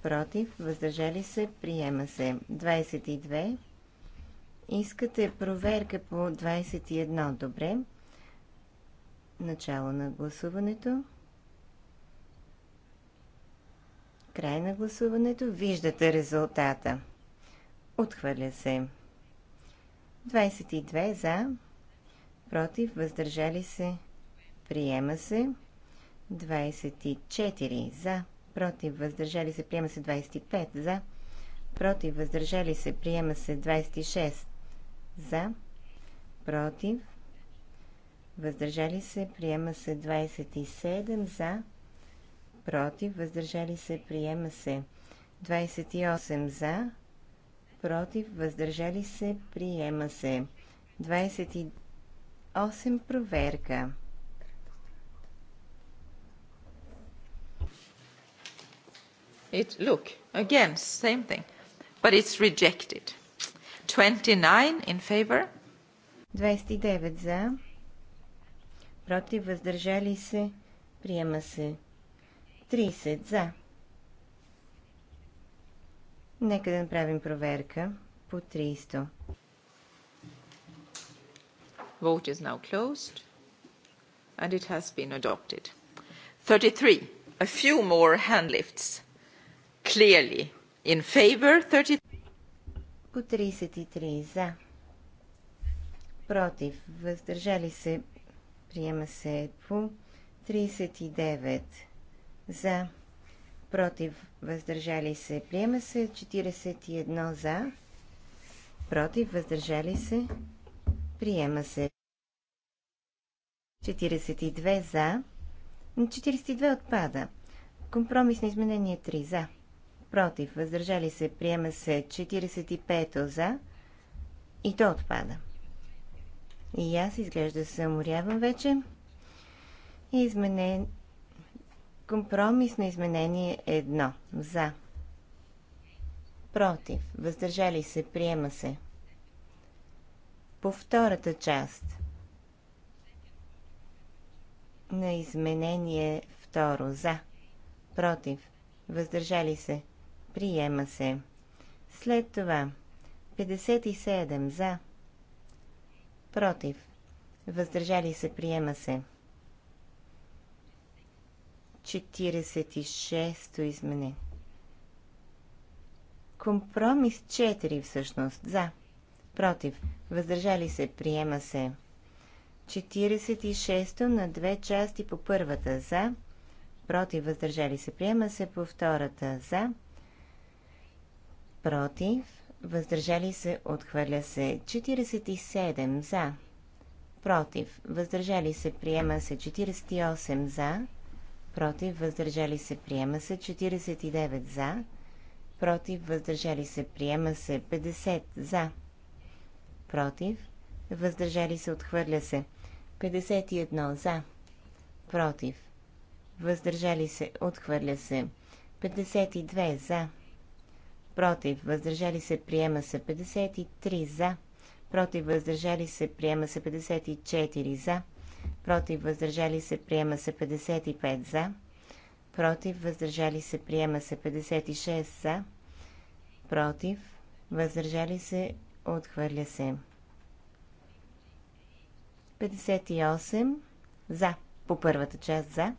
Против, въздържали се, приема се. 22. Искате проверка по 21. Добре. Начало на гласуването. Край на гласуването. Виждате резултата. Отхвърля се. 22 за. Против. Въздържали се. Приема се. 24 за. Против. Въздържали се. Приема се. 25 за. Против. Въздържали се. Приема се. 26 за. Против. Въздържали се. Приема се. 27 за против, въздържали се, приема се. 28 за, против, въздържали се, приема се. 28 проверка. It look again same thing, but it's rejected. 29 in favor. 29 за, против, въздържали се, приема се. 30 за. Нека да направим проверка по 300. Vote is now closed and it has been adopted. 33. A few more hand lifts. Clearly in favor 33. По 33 за. Против. Въздържали се. Приема се по 39 за, против, въздържали се, приема се 41 за, против, въздържали се, приема се 42 за, 42 отпада. на изменение 3 за. Против, въздържали се, приема се 45 за и то отпада. И аз изглежда се уморявам вече. И изменен... Компромис на изменение едно За. Против. Въздържали се. Приема се. По втората част на изменение второ. За. Против. Въздържали се. Приема се. След това 57 за. Против. Въздържали се. Приема се. 46-то изменение. Компромис 4 всъщност. За. Против. Въздържали се. Приема се. 46-то на две части по първата. За. Против. Въздържали се. Приема се по втората. За. Против. Въздържали се. Отхвърля се. 47 за. Против. Въздържали се. Приема се. 48 за против, въздържали се, приема се 49 за, против, въздържали се, приема се 50 за, против, въздържали се, отхвърля се 51 за, против, въздържали се, отхвърля се 52 за, против, въздържали се, приема се 53 за, против, въздържали се, приема се 54 за, против въздържали се, приема се 55 за, против въздържали се, приема се 56 за, против въздържали се, отхвърля се. 58 за, по първата част за,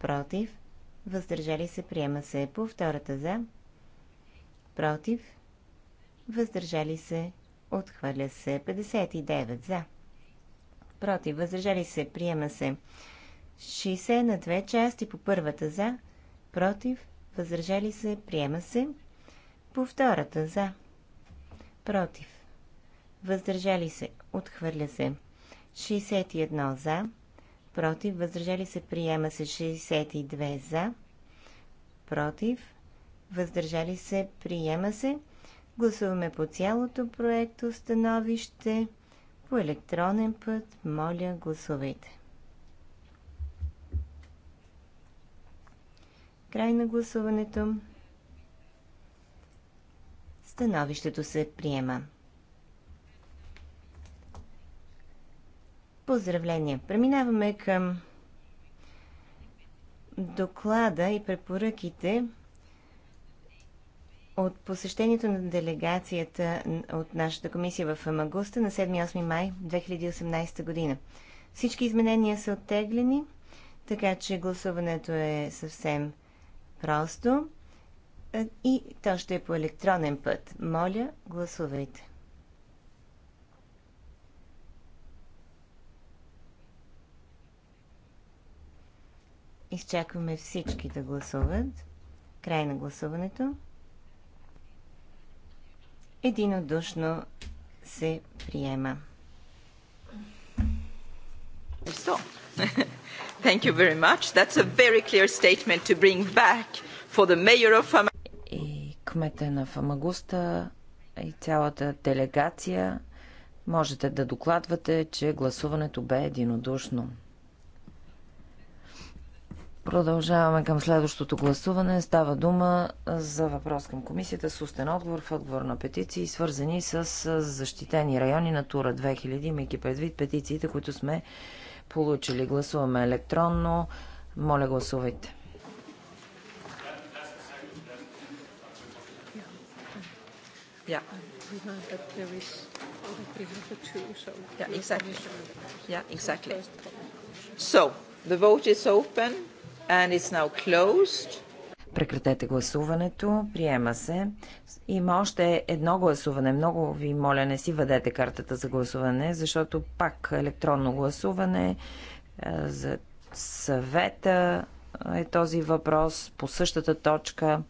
против въздържали се, приема се по втората за, против въздържали се, отхвърля се 59 за против, възражали се, приема се. 60 на две части по първата за, против, възражали се, приема се. По втората за, против, въздържали се, отхвърля се. 61 за, против, въздържали се, приема се. 62 за, против, въздържали се, приема се. Гласуваме по цялото проекто становище по електронен път. Моля, гласувайте. Край на гласуването. Становището се приема. Поздравление! Преминаваме към доклада и препоръките от посещението на делегацията от нашата комисия в Амагуста на 7-8 май 2018 година. Всички изменения са оттеглени, така че гласуването е съвсем просто и то ще е по електронен път. Моля, гласувайте. Изчакваме всички да гласуват. Край на гласуването единодушно се приема. So, thank you very much. That's a very clear statement to bring back for the mayor of Fama... И кмета на Фамагуста и цялата делегация можете да докладвате, че гласуването бе единодушно. Продължаваме към следващото гласуване. Става дума за въпрос към комисията с устен отговор в отговор на петиции, свързани с защитени райони на Тура 2000, имайки предвид петициите, които сме получили. Гласуваме електронно. Моля, гласувайте. Yeah. Yeah, exactly. Yeah, exactly. So, the vote is open. Прекратете гласуването. Приема се. Има още едно гласуване. Много ви моля, не си въдете картата за гласуване, защото пак електронно гласуване е, за съвета е този въпрос по същата точка,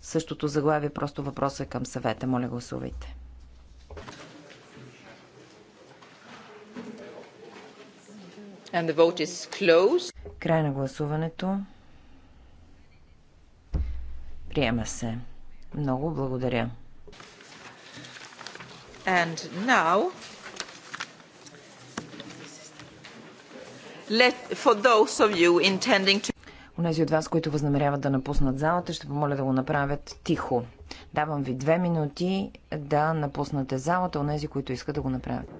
същото заглавие, просто въпросът е към съвета. Моля, гласувайте. And the vote is closed. Край на гласуването. Приема се. Много благодаря. And now, let, for those of you intending to... Унези от вас, които възнамеряват да напуснат залата, ще помоля да го направят тихо. Давам ви две минути да напуснете залата, унези, които искат да го направят.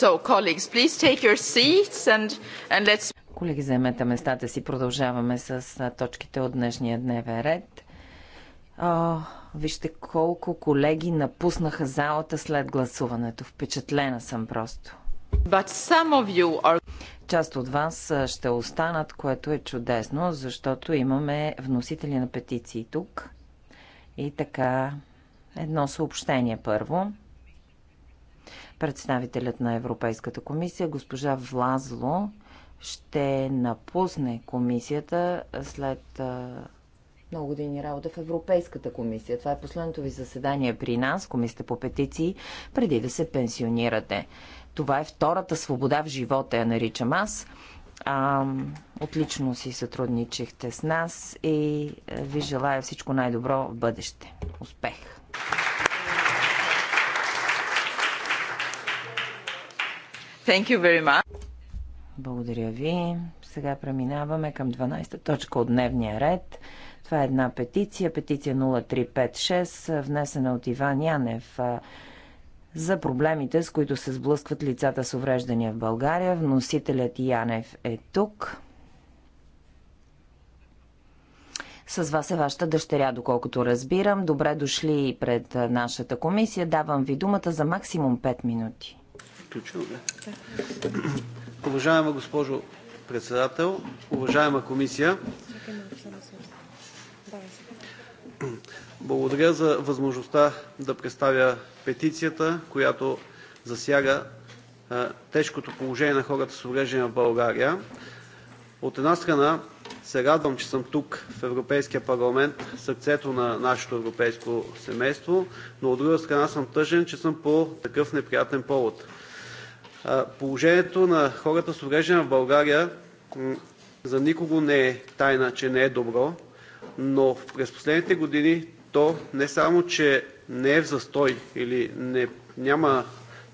So, colleagues, please take your seats and, and let's... Колеги, заемете местата си. Продължаваме с точките от днешния дневен ред. О, вижте колко колеги напуснаха залата след гласуването. Впечатлена съм просто. But some of you are... Част от вас ще останат, което е чудесно, защото имаме вносители на петиции тук. И така, едно съобщение първо. Представителят на Европейската комисия, госпожа Влазло, ще напусне комисията след много години работа в Европейската комисия. Това е последното ви заседание при нас, комисията по петиции, преди да се пенсионирате. Това е втората свобода в живота, я наричам аз. А, отлично си сътрудничихте с нас и ви желая всичко най-добро в бъдеще. Успех! Thank you very much. Благодаря ви. Сега преминаваме към 12-та точка от дневния ред. Това е една петиция, петиция 0356, внесена от Иван Янев за проблемите, с които се сблъскват лицата с увреждания в България. Вносителят Янев е тук. С вас е вашата дъщеря, доколкото разбирам. Добре дошли пред нашата комисия. Давам ви думата за максимум 5 минути. Включвам Уважаема госпожо Председател, уважаема Комисия! Благодаря за възможността да представя петицията, която засяга тежкото положение на хората с увреждания в България. От една страна се радвам, че съм тук в Европейския парламент, сърцето на нашето европейско семейство, но от друга страна съм тъжен, че съм по такъв неприятен повод. Положението на хората с увреждане в България за никого не е тайна, че не е добро, но през последните години то не само че не е в застой или няма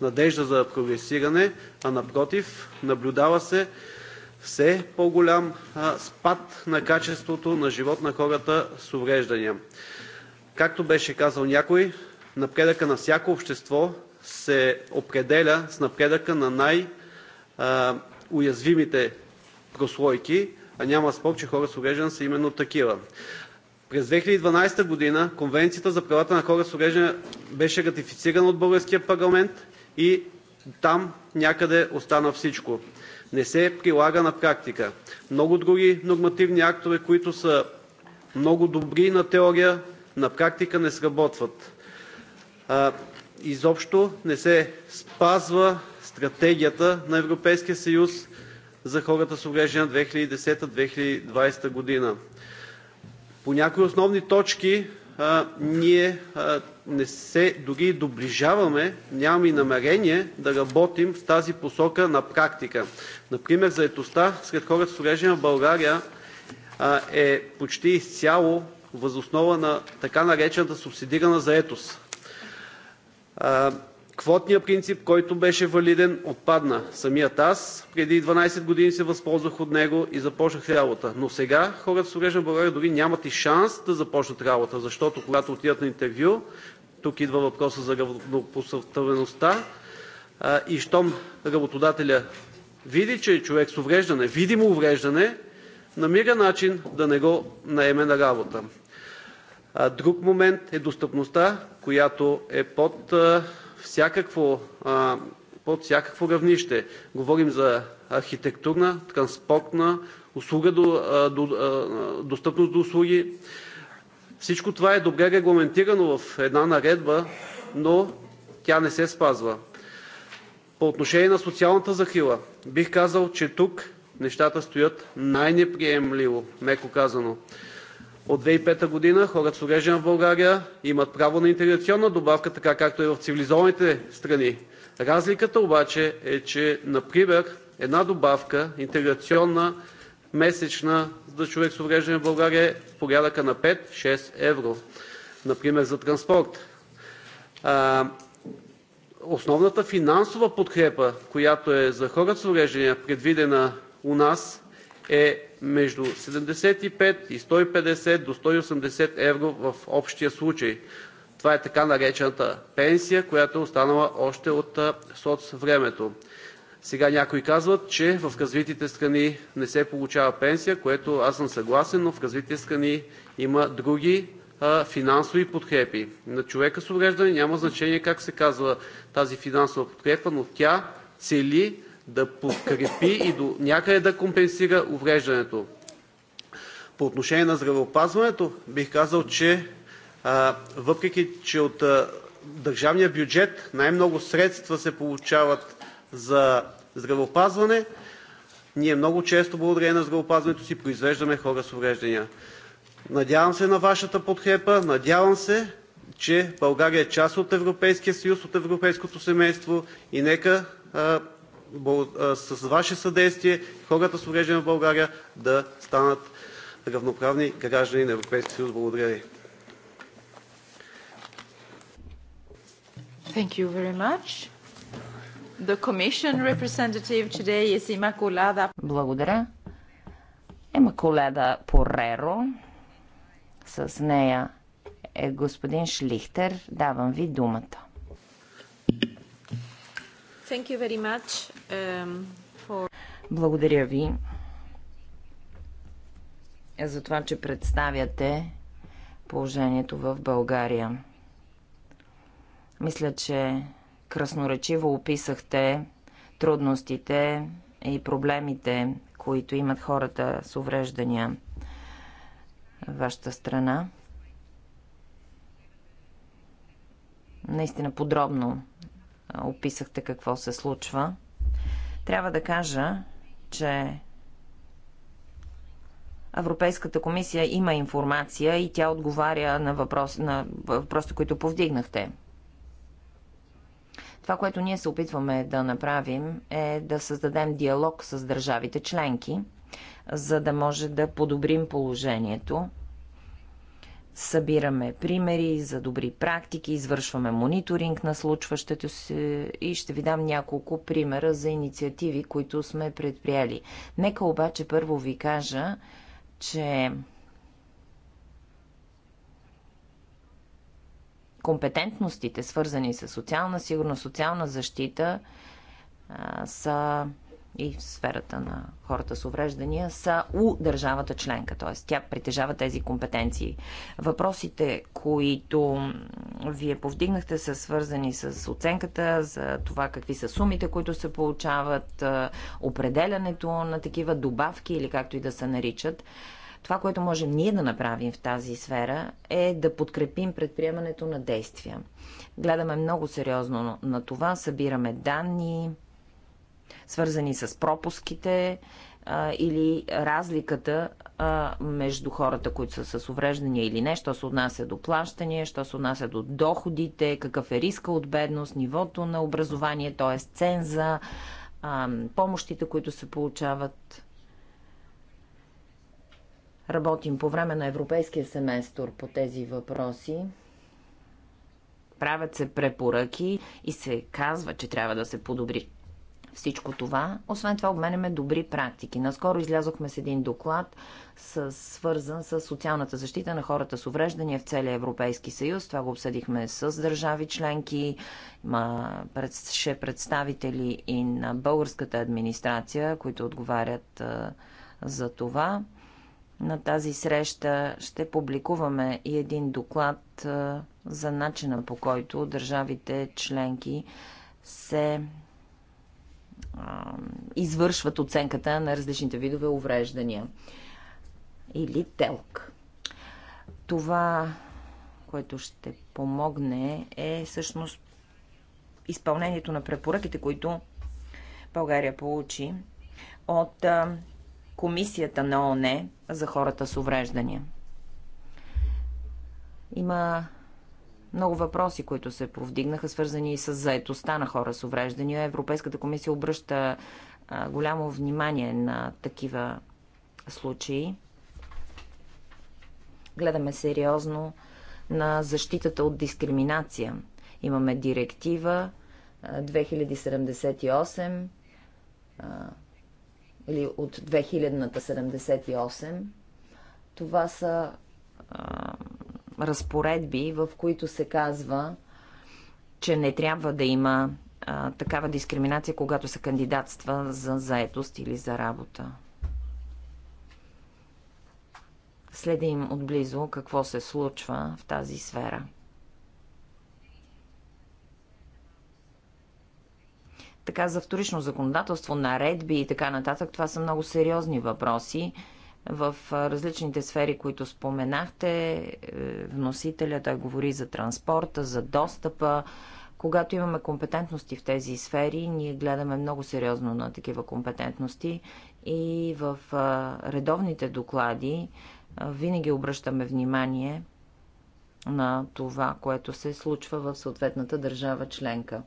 надежда за прогресиране, а напротив, наблюдава се все по-голям спад на качеството на живот на хората с увреждания. Както беше казал някой, напредъка на всяко общество се определя с напредъка на най-уязвимите прослойки, а няма спор, че хора с увреждане са именно такива. През 2012 година Конвенцията за правата на хора с увреждане беше ратифицирана от българския парламент и там някъде остана всичко. Не се прилага на практика. Много други нормативни актове, които са много добри на теория, на практика не сработват изобщо не се спазва стратегията на Европейския съюз за хората с увреждания 2010-2020 година. По някои основни точки ние не се дори доближаваме, нямаме и намерение да работим в тази посока на практика. Например, заетостта сред хората с увреждания в България е почти изцяло възоснова на така наречената субсидирана заетост. Квотният принцип, който беше валиден, отпадна. Самият аз преди 12 години се възползвах от него и започнах работа. Но сега хората с увреждане в България дори нямат и шанс да започнат работа, защото когато отидат на интервю, тук идва въпроса за равнопоставеността, и щом работодателя види, че е човек с увреждане, видимо увреждане, намира начин да не го наеме на работа. Друг момент е достъпността, която е под всякакво, под всякакво равнище. Говорим за архитектурна, транспортна, услуга до, до, достъпност до услуги. Всичко това е добре регламентирано в една наредба, но тя не се спазва. По отношение на социалната захила бих казал, че тук нещата стоят най-неприемливо, меко казано. От 2005 година хората с увреждания в България имат право на интеграционна добавка, така както е в цивилизованите страни. Разликата обаче е, че например една добавка интеграционна месечна за човек с увреждане в България е в порядъка на 5-6 евро, например за транспорт. А, основната финансова подкрепа, която е за хората с увреждания, предвидена у нас, е между 75 и 150 до 180 евро в общия случай. Това е така наречената пенсия, която е останала още от соцвремето. Сега някои казват, че в развитите страни не се получава пенсия, с което аз съм съгласен, но в развитите страни има други финансови подкрепи. На човека с увреждане няма значение как се казва тази финансова подкрепа, но тя цели да подкрепи и донякъде да компенсира увреждането. По отношение на здравеопазването бих казал, че въпреки че от държавния бюджет най-много средства се получават за здравеопазване, ние много често благодарение на здравеопазването си произвеждаме хора с увреждания. Надявам се на Вашата подкрепа, надявам се, че България е част от Европейския съюз, от европейското семейство и нека с Ваше съдействие хората с увреждания в България да станат равноправни граждани на Европейския съюз. Благодаря Ви. Thank you very much. The commission representative today is Immaculada. Благодаря. Имаколеда Пореро. С нея е господин Шлихтер. Давам ви думата. Thank you very much, um, for... Благодаря ви за това, че представяте положението в България. Мисля, че красноречиво описахте трудностите и проблемите, които имат хората с увреждания в вашата страна. Наистина подробно описахте какво се случва. Трябва да кажа, че Европейската комисия има информация и тя отговаря на, въпрос, на въпросите, които повдигнахте. Това, което ние се опитваме да направим е да създадем диалог с държавите членки, за да може да подобрим положението събираме примери за добри практики, извършваме мониторинг на случващето се и ще ви дам няколко примера за инициативи, които сме предприели. Нека обаче първо ви кажа, че компетентностите, свързани с социална сигурност, социална защита, са и в сферата на хората с увреждания са у държавата членка, т.е. тя притежава тези компетенции. Въпросите, които вие повдигнахте, са свързани с оценката за това какви са сумите, които се получават, определянето на такива добавки или както и да се наричат. Това, което можем ние да направим в тази сфера, е да подкрепим предприемането на действия. Гледаме много сериозно на това, събираме данни, свързани с пропуските а, или разликата а, между хората, които са с увреждания или не, що се отнася до плащания, що се отнася до доходите, какъв е риска от бедност, нивото на образование, т.е. ценза, а, помощите, които се получават. Работим по време на европейския семестър по тези въпроси правят се препоръки и се казва, че трябва да се подобри всичко това. Освен това, обменяме добри практики. Наскоро излязохме с един доклад, с, свързан с социалната защита на хората с увреждания в целия Европейски съюз. Това го обсъдихме с държави членки, има ще представители и на българската администрация, които отговарят а, за това. На тази среща ще публикуваме и един доклад а, за начина по който държавите членки се извършват оценката на различните видове увреждания или ТЕЛК. Това, което ще помогне, е всъщност изпълнението на препоръките, които България получи от Комисията на ОНЕ за хората с увреждания. Има много въпроси, които се повдигнаха, свързани и с заетостта на хора с увреждания. Европейската комисия обръща голямо внимание на такива случаи. Гледаме сериозно на защитата от дискриминация. Имаме директива 2078 или от 2078. Това са разпоредби, в които се казва, че не трябва да има а, такава дискриминация, когато се кандидатства за заетост или за работа. Следим отблизо какво се случва в тази сфера. Така за вторично законодателство, наредби и така нататък, това са много сериозни въпроси в различните сфери, които споменахте. Е, вносителя да говори за транспорта, за достъпа. Когато имаме компетентности в тези сфери, ние гледаме много сериозно на такива компетентности и в редовните доклади винаги обръщаме внимание на това, което се случва в съответната държава членка.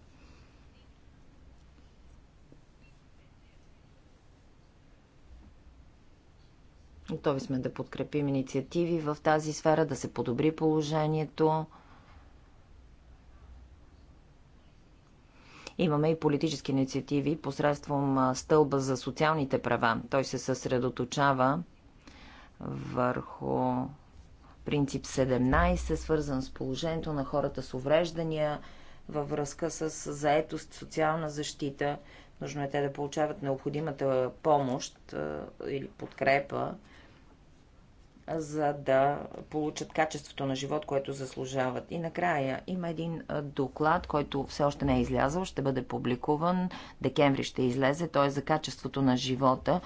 Готови сме да подкрепим инициативи в тази сфера, да се подобри положението. Имаме и политически инициативи посредством стълба за социалните права. Той се съсредоточава върху принцип 17, свързан с положението на хората с увреждания, във връзка с заетост, социална защита. Нужно е те да получават необходимата помощ или подкрепа за да получат качеството на живот, което заслужават. И накрая има един доклад, който все още не е излязъл, ще бъде публикуван, декември ще излезе, той е за качеството на живота.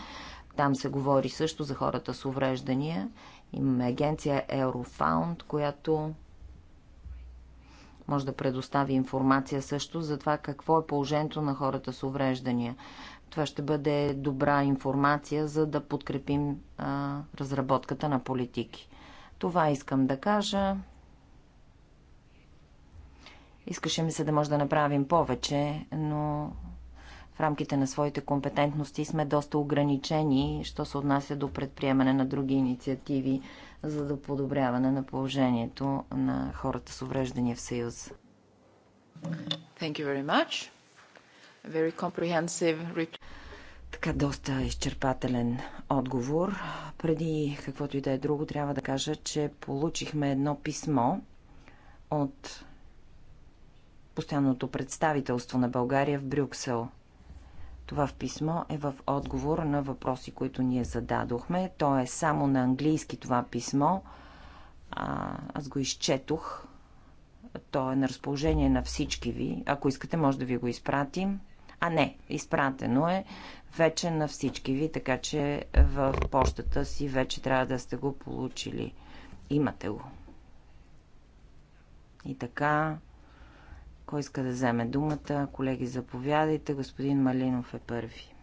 Там се говори също за хората с увреждания. Имаме агенция Eurofound, която може да предостави информация също за това какво е положението на хората с увреждания. Това ще бъде добра информация, за да подкрепим а, разработката на политики. Това искам да кажа. Искаше ми се да може да направим повече, но в рамките на своите компетентности сме доста ограничени, що се отнася до предприемане на други инициативи за да подобряване на положението на хората с увреждания в Съюз. Thank you very much. Very comprehensive... Така доста изчерпателен отговор. Преди каквото и да е друго, трябва да кажа, че получихме едно писмо от постоянното представителство на България в Брюксел. Това в писмо е в отговор на въпроси, които ние зададохме. То е само на английски това писмо. А, аз го изчетох. То е на разположение на всички ви. Ако искате, може да ви го изпратим. А не, изпратено е вече на всички ви, така че в почтата си вече трябва да сте го получили. Имате го. И така, кой иска да вземе думата? Колеги, заповядайте. Господин Малинов е първи.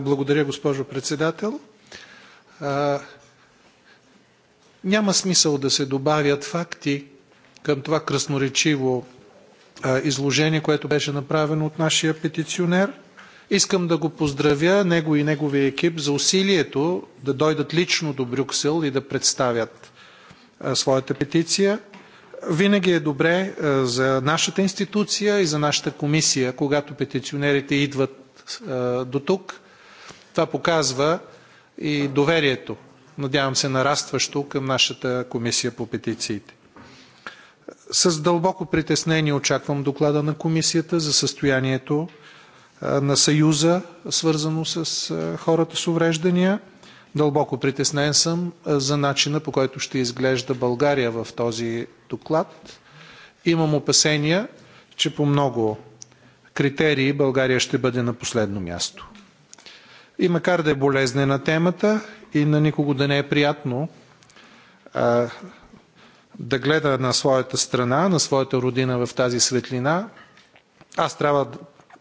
Благодаря, госпожо председател. А, няма смисъл да се добавят факти към това красноречиво изложение, което беше направено от нашия петиционер. Искам да го поздравя, него и неговия екип, за усилието да дойдат лично до Брюксел и да представят своята петиция. Винаги е добре за нашата институция и за нашата комисия, когато петиционерите идват до тук. Това показва и доверието, надявам се нарастващо, към нашата комисия по петициите. С дълбоко притеснение очаквам доклада на комисията за състоянието на Съюза, свързано с хората с увреждания. Дълбоко притеснен съм за начина по който ще изглежда България в този доклад. Имам опасения, че по много критерии България ще бъде на последно място. И макар да е болезнена темата и на никого да не е приятно да гледа на своята страна, на своята родина в тази светлина, аз трябва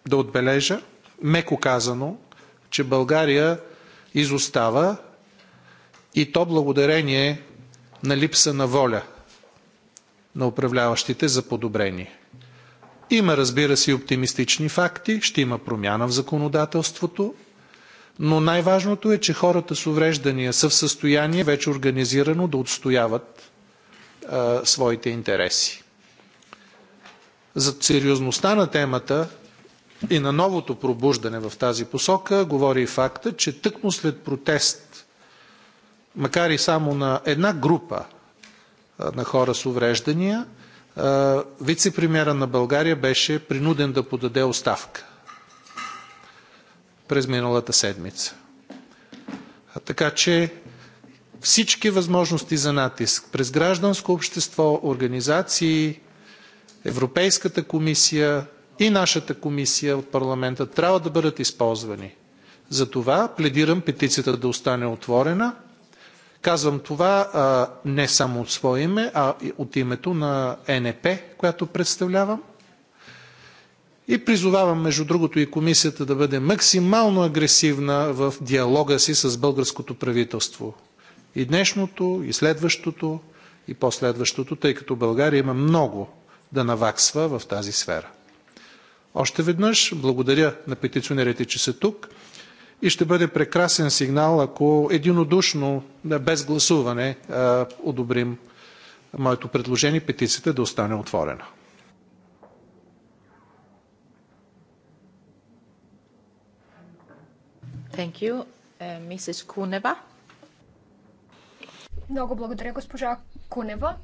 да отбележа, меко казано, че България изостава и то благодарение на липса на воля на управляващите за подобрение. Има, разбира се, оптимистични факти, ще има промяна в законодателството, но най-важното е, че хората с увреждания са в състояние вече организирано да отстояват своите интереси. За сериозността на темата и на новото пробуждане в тази посока говори и факта, че тъкмо след протест, макар и само на една група на хора с увреждания, вице-премьера на България беше принуден да подаде оставка през миналата седмица. Така че всички възможности за натиск през гражданско общество, организации, Европейската комисия и нашата комисия от парламента трябва да бъдат използвани. Затова пледирам петицията да остане отворена. Казвам това а, не само от свое име, а от името на НП, която представлявам. И призовавам, между другото, и комисията да бъде максимално агресивна в диалога си с българското правителство и днешното, и следващото, и по-следващото, тъй като България има много да наваксва в тази сфера. Още веднъж благодаря на петиционерите, че са тук и ще бъде прекрасен сигнал, ако единодушно, без гласуване, одобрим моето предложение петицията да остане отворена. Thank you. Uh, Mrs. Kuneva. Много благодаря, госпожа Кунева.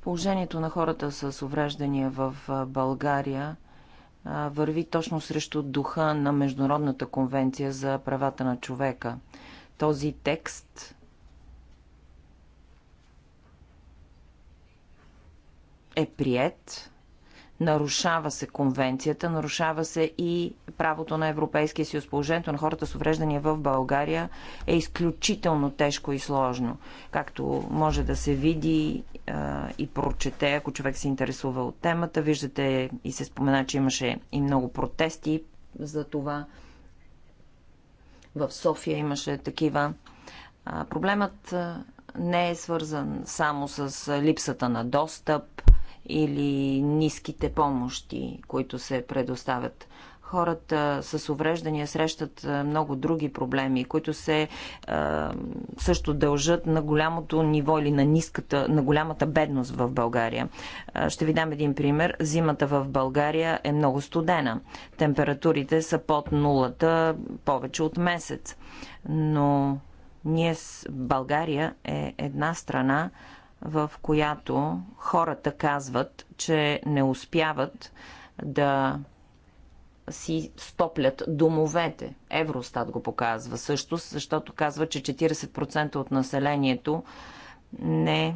Положението на хората с увреждания в България върви точно срещу духа на Международната конвенция за правата на човека. Този текст е прият нарушава се конвенцията, нарушава се и правото на Европейския съюз. Положението на хората с увреждания в България е изключително тежко и сложно, както може да се види а, и прочете, ако човек се интересува от темата. Виждате и се спомена, че имаше и много протести за това. В София имаше такива. А, проблемът не е свързан само с липсата на достъп, или ниските помощи, които се предоставят. Хората с увреждания срещат много други проблеми, които се е, също дължат на голямото ниво или на ниската, на голямата бедност в България. Ще ви дам един пример. Зимата в България е много студена. Температурите са под нулата повече от месец. Но ние, България е една страна, в която хората казват, че не успяват да си стоплят домовете. Евростат го показва също, защото казва, че 40% от населението не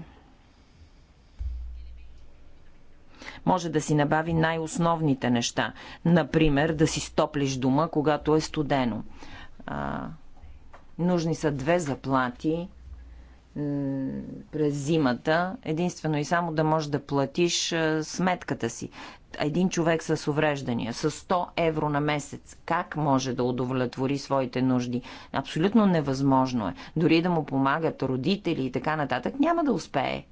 може да си набави най-основните неща. Например, да си стоплиш дома, когато е студено. А, нужни са две заплати през зимата, единствено и само да можеш да платиш сметката си. Един човек с увреждания, с 100 евро на месец, как може да удовлетвори своите нужди? Абсолютно невъзможно е. Дори да му помагат родители и така нататък, няма да успее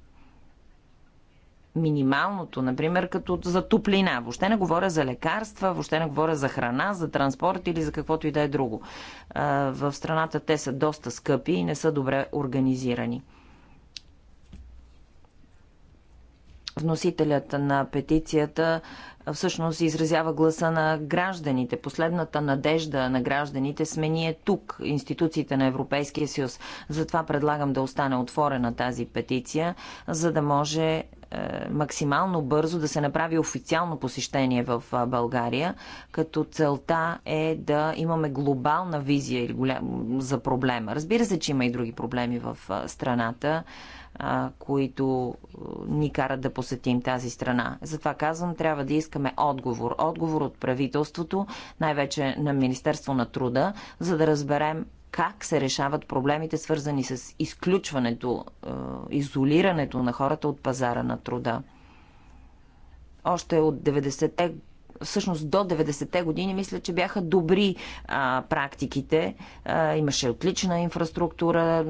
минималното, например, като за топлина. Въобще не говоря за лекарства, въобще не говоря за храна, за транспорт или за каквото и да е друго. В страната те са доста скъпи и не са добре организирани. Вносителят на петицията всъщност изразява гласа на гражданите. Последната надежда на гражданите сме ние тук, институциите на Европейския съюз. Затова предлагам да остане отворена тази петиция, за да може е, максимално бързо да се направи официално посещение в България, като целта е да имаме глобална визия за проблема. Разбира се, че има и други проблеми в страната, които ни карат да посетим тази страна. Затова казвам, трябва да искаме отговор. Отговор от правителството, най-вече на Министерство на труда, за да разберем как се решават проблемите, свързани с изключването, е, изолирането на хората от пазара на труда. Още от 90-те всъщност до 90-те години, мисля, че бяха добри а, практиките. А, имаше отлична инфраструктура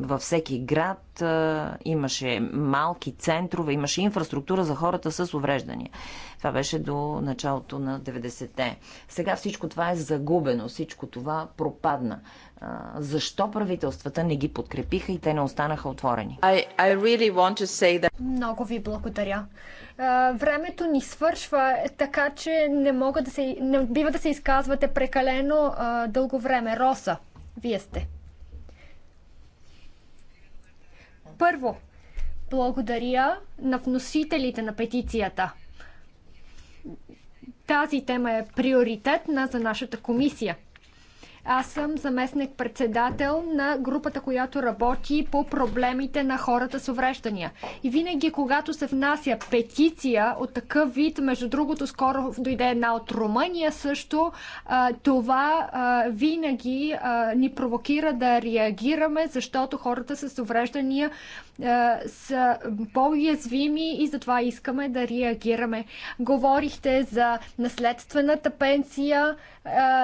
във всеки град, а, имаше малки центрове, имаше инфраструктура за хората с увреждания. Това беше до началото на 90-те. Сега всичко това е загубено, всичко това пропадна. А, защо правителствата не ги подкрепиха и те не останаха отворени? I, I really want to say that... Много ви благодаря времето ни свършва, е така че не, мога да се, не бива да се изказвате прекалено а, дълго време. Роса, вие сте. Първо, благодаря на вносителите на петицията. Тази тема е приоритетна за нашата комисия. Аз съм заместник-председател на групата, която работи по проблемите на хората с увреждания. И винаги, когато се внася петиция от такъв вид, между другото, скоро дойде една от Румъния също, това винаги ни провокира да реагираме, защото хората с увреждания е, са по-уязвими и затова искаме да реагираме. Говорихте за наследствената пенсия,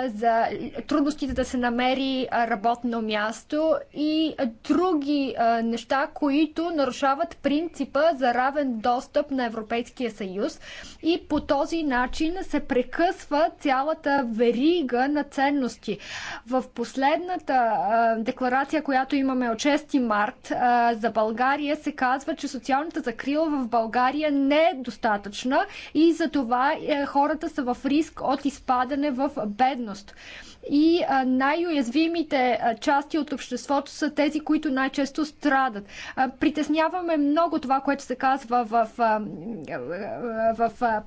е, за трудностите да се намери работно място и други е, неща, които нарушават принципа за равен достъп на Европейския съюз и по този начин се прекъсва цялата верига на ценности. В последната декларация, която имаме от 6 март за България, България се казва, че социалната закрила в България не е достатъчна и за това е, хората са в риск от изпадане в бедност. И най-уязвимите части от обществото са тези, които най-често страдат. Притесняваме много това, което се казва в, в, в, в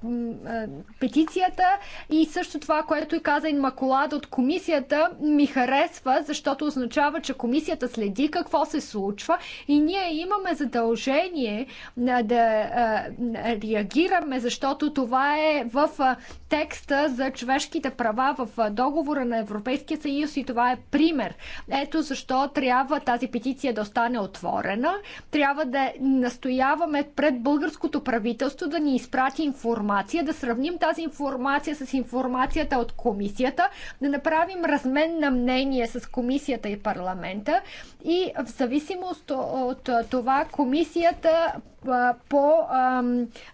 петицията и също това, което и каза Инмакулада от комисията, ми харесва, защото означава, че комисията следи какво се случва и ние имаме задължение да реагираме, защото това е в текста за човешките права в договора на Европейския съюз и това е пример. Ето защо трябва тази петиция да остане отворена. Трябва да настояваме пред българското правителство да ни изпрати информация, да сравним тази информация с информацията от комисията, да направим размен на мнение с комисията и парламента и в зависимост от това, това комисията по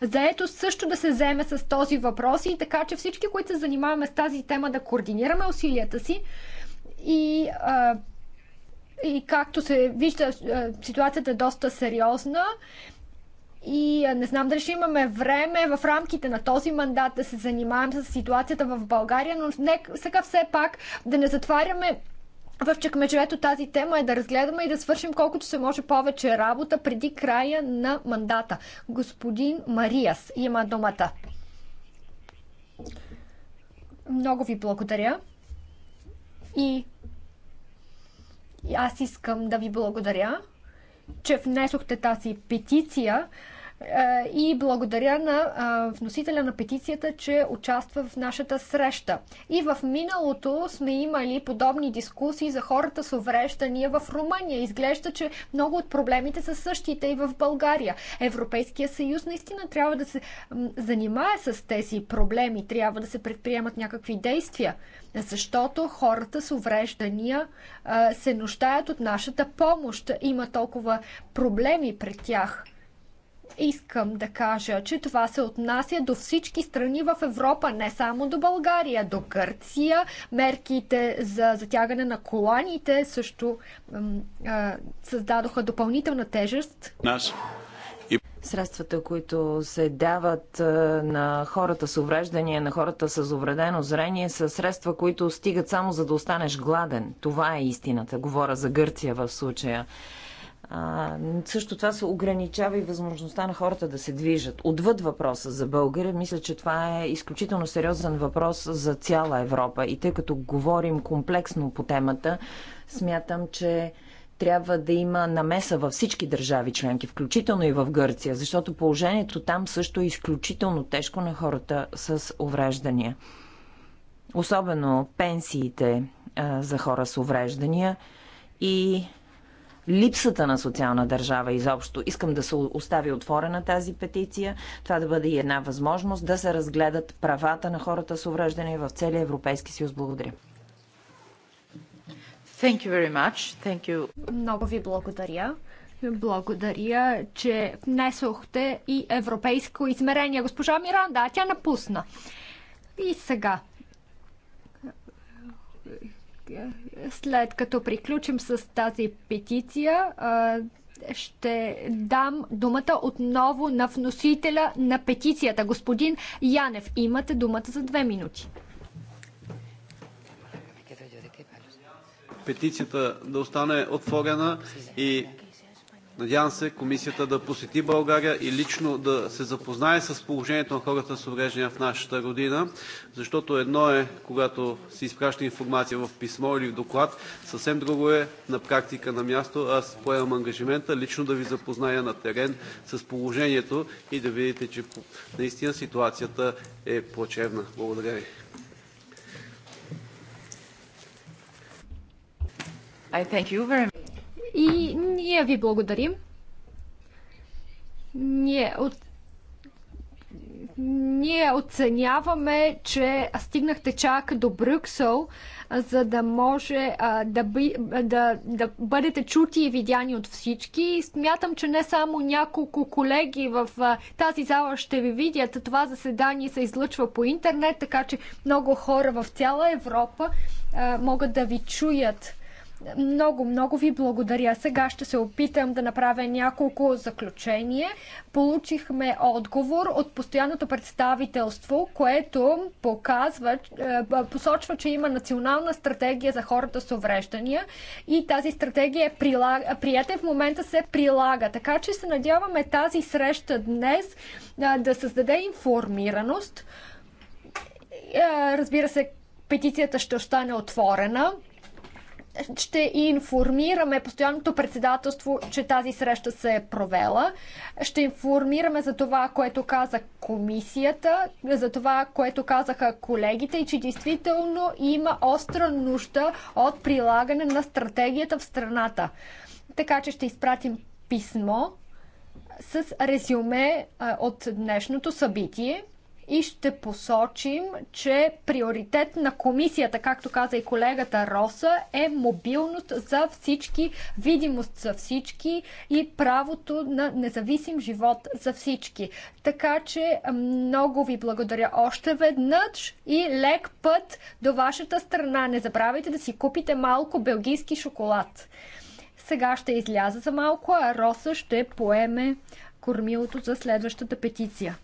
заето също да се вземе с този въпрос и така, че всички, които се занимаваме с тази тема, да координираме усилията си и а, и както се вижда, ситуацията е доста сериозна. И не знам дали ще имаме време в рамките на този мандат да се занимаваме с ситуацията в България, но нека сега все пак да не затваряме в чекмеджето тази тема е да разгледаме и да свършим колкото се може повече работа преди края на мандата. Господин Мариас има думата. Много ви благодаря. И, и аз искам да ви благодаря, че внесохте тази петиция е, и благодаря на вносителя на петицията, че участва в нашата среща. И в миналото сме имали подобни дискусии за хората с увреждания в Румъния. Изглежда, че много от проблемите са същите и в България. Европейския съюз наистина трябва да се занимае с тези проблеми, трябва да се предприемат някакви действия, защото хората с увреждания се нуждаят от нашата помощ. Има толкова проблеми пред тях. Искам да кажа, че това се отнася до всички страни в Европа, не само до България, до Гърция. Мерките за затягане на коланите също създадоха допълнителна тежест. Нас. Средствата, които се дават на хората с увреждания, на хората с увредено зрение, са средства, които стигат само за да останеш гладен. Това е истината. Говоря за Гърция в случая. А, също това се ограничава и възможността на хората да се движат. Отвъд въпроса за българи, мисля, че това е изключително сериозен въпрос за цяла Европа. И тъй като говорим комплексно по темата, смятам, че трябва да има намеса във всички държави членки, включително и в Гърция, защото положението там също е изключително тежко на хората с увреждания. Особено пенсиите а, за хора с увреждания и липсата на социална държава изобщо. Искам да се остави отворена тази петиция. Това да бъде и една възможност да се разгледат правата на хората с увреждане в целия Европейски съюз. Благодаря. Thank you very much. Thank you. Много ви благодаря. Благодаря, че внесохте и европейско измерение. Госпожа Миранда, тя напусна. И сега след като приключим с тази петиция, ще дам думата отново на вносителя на петицията. Господин Янев, имате думата за две минути. Петицията да остане отворена и Надявам се комисията да посети България и лично да се запознае с положението на хората с увреждания в нашата родина, защото едно е, когато се изпраща информация в писмо или в доклад, съвсем друго е на практика на място. Аз поемам ангажимента лично да ви запозная на терен с положението и да видите, че наистина ситуацията е плачевна. Благодаря ви. I thank you very и ние ви благодарим. Ние от ние оценяваме, че стигнахте чак до Брюксел, за да може а, да, би, да, да бъдете чути и видяни от всички. И смятам, че не само няколко колеги в а, тази зала ще ви видят. Това заседание се излъчва по интернет, така че много хора в цяла Европа а, могат да ви чуят. Много, много ви благодаря. Сега ще се опитам да направя няколко заключения. Получихме отговор от постоянното представителство, което показва, е, посочва, че има национална стратегия за хората с увреждания и тази стратегия е приятен в момента се прилага. Така че се надяваме тази среща днес е, да създаде информираност. Е, разбира се, петицията ще остане отворена ще информираме постоянното председателство, че тази среща се е провела. Ще информираме за това, което каза комисията, за това, което казаха колегите и че действително има остра нужда от прилагане на стратегията в страната. Така че ще изпратим писмо с резюме от днешното събитие и ще посочим, че приоритет на комисията, както каза и колегата Роса, е мобилност за всички, видимост за всички и правото на независим живот за всички. Така че много ви благодаря още веднъж и лек път до вашата страна. Не забравяйте да си купите малко белгийски шоколад. Сега ще изляза за малко, а Роса ще поеме кормилото за следващата петиция.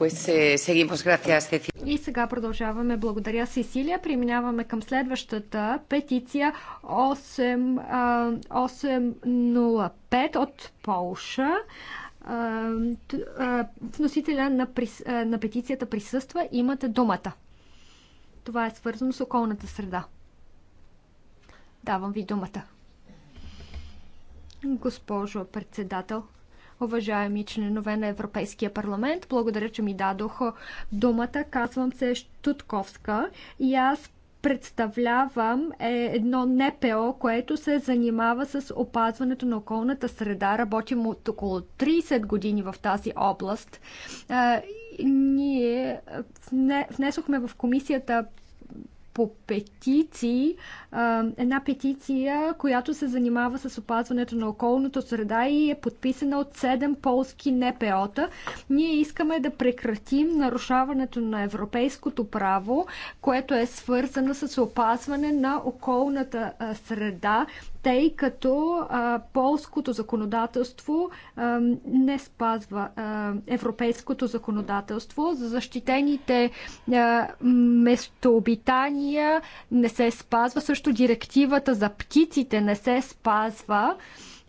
Eh, И сега продължаваме. Благодаря, Сесилия. Преминаваме към следващата петиция 8805 от Полша. Вносителя на, на петицията присъства. Имате думата. Това е свързано с околната среда. Давам ви думата. Госпожо председател, уважаеми членове на Европейския парламент. Благодаря, че ми дадох думата. Казвам се Штутковска и аз представлявам е, едно НПО, което се занимава с опазването на околната среда. Работим от около 30 години в тази област е, ние внесохме в комисията по петиции, една петиция, която се занимава с опазването на околната среда и е подписана от 7 полски НПО-та. Ние искаме да прекратим нарушаването на европейското право, което е свързано с опазване на околната среда тъй като а, полското законодателство а, не спазва а, европейското законодателство. За защитените а, местообитания не се спазва. Също директивата за птиците не се спазва.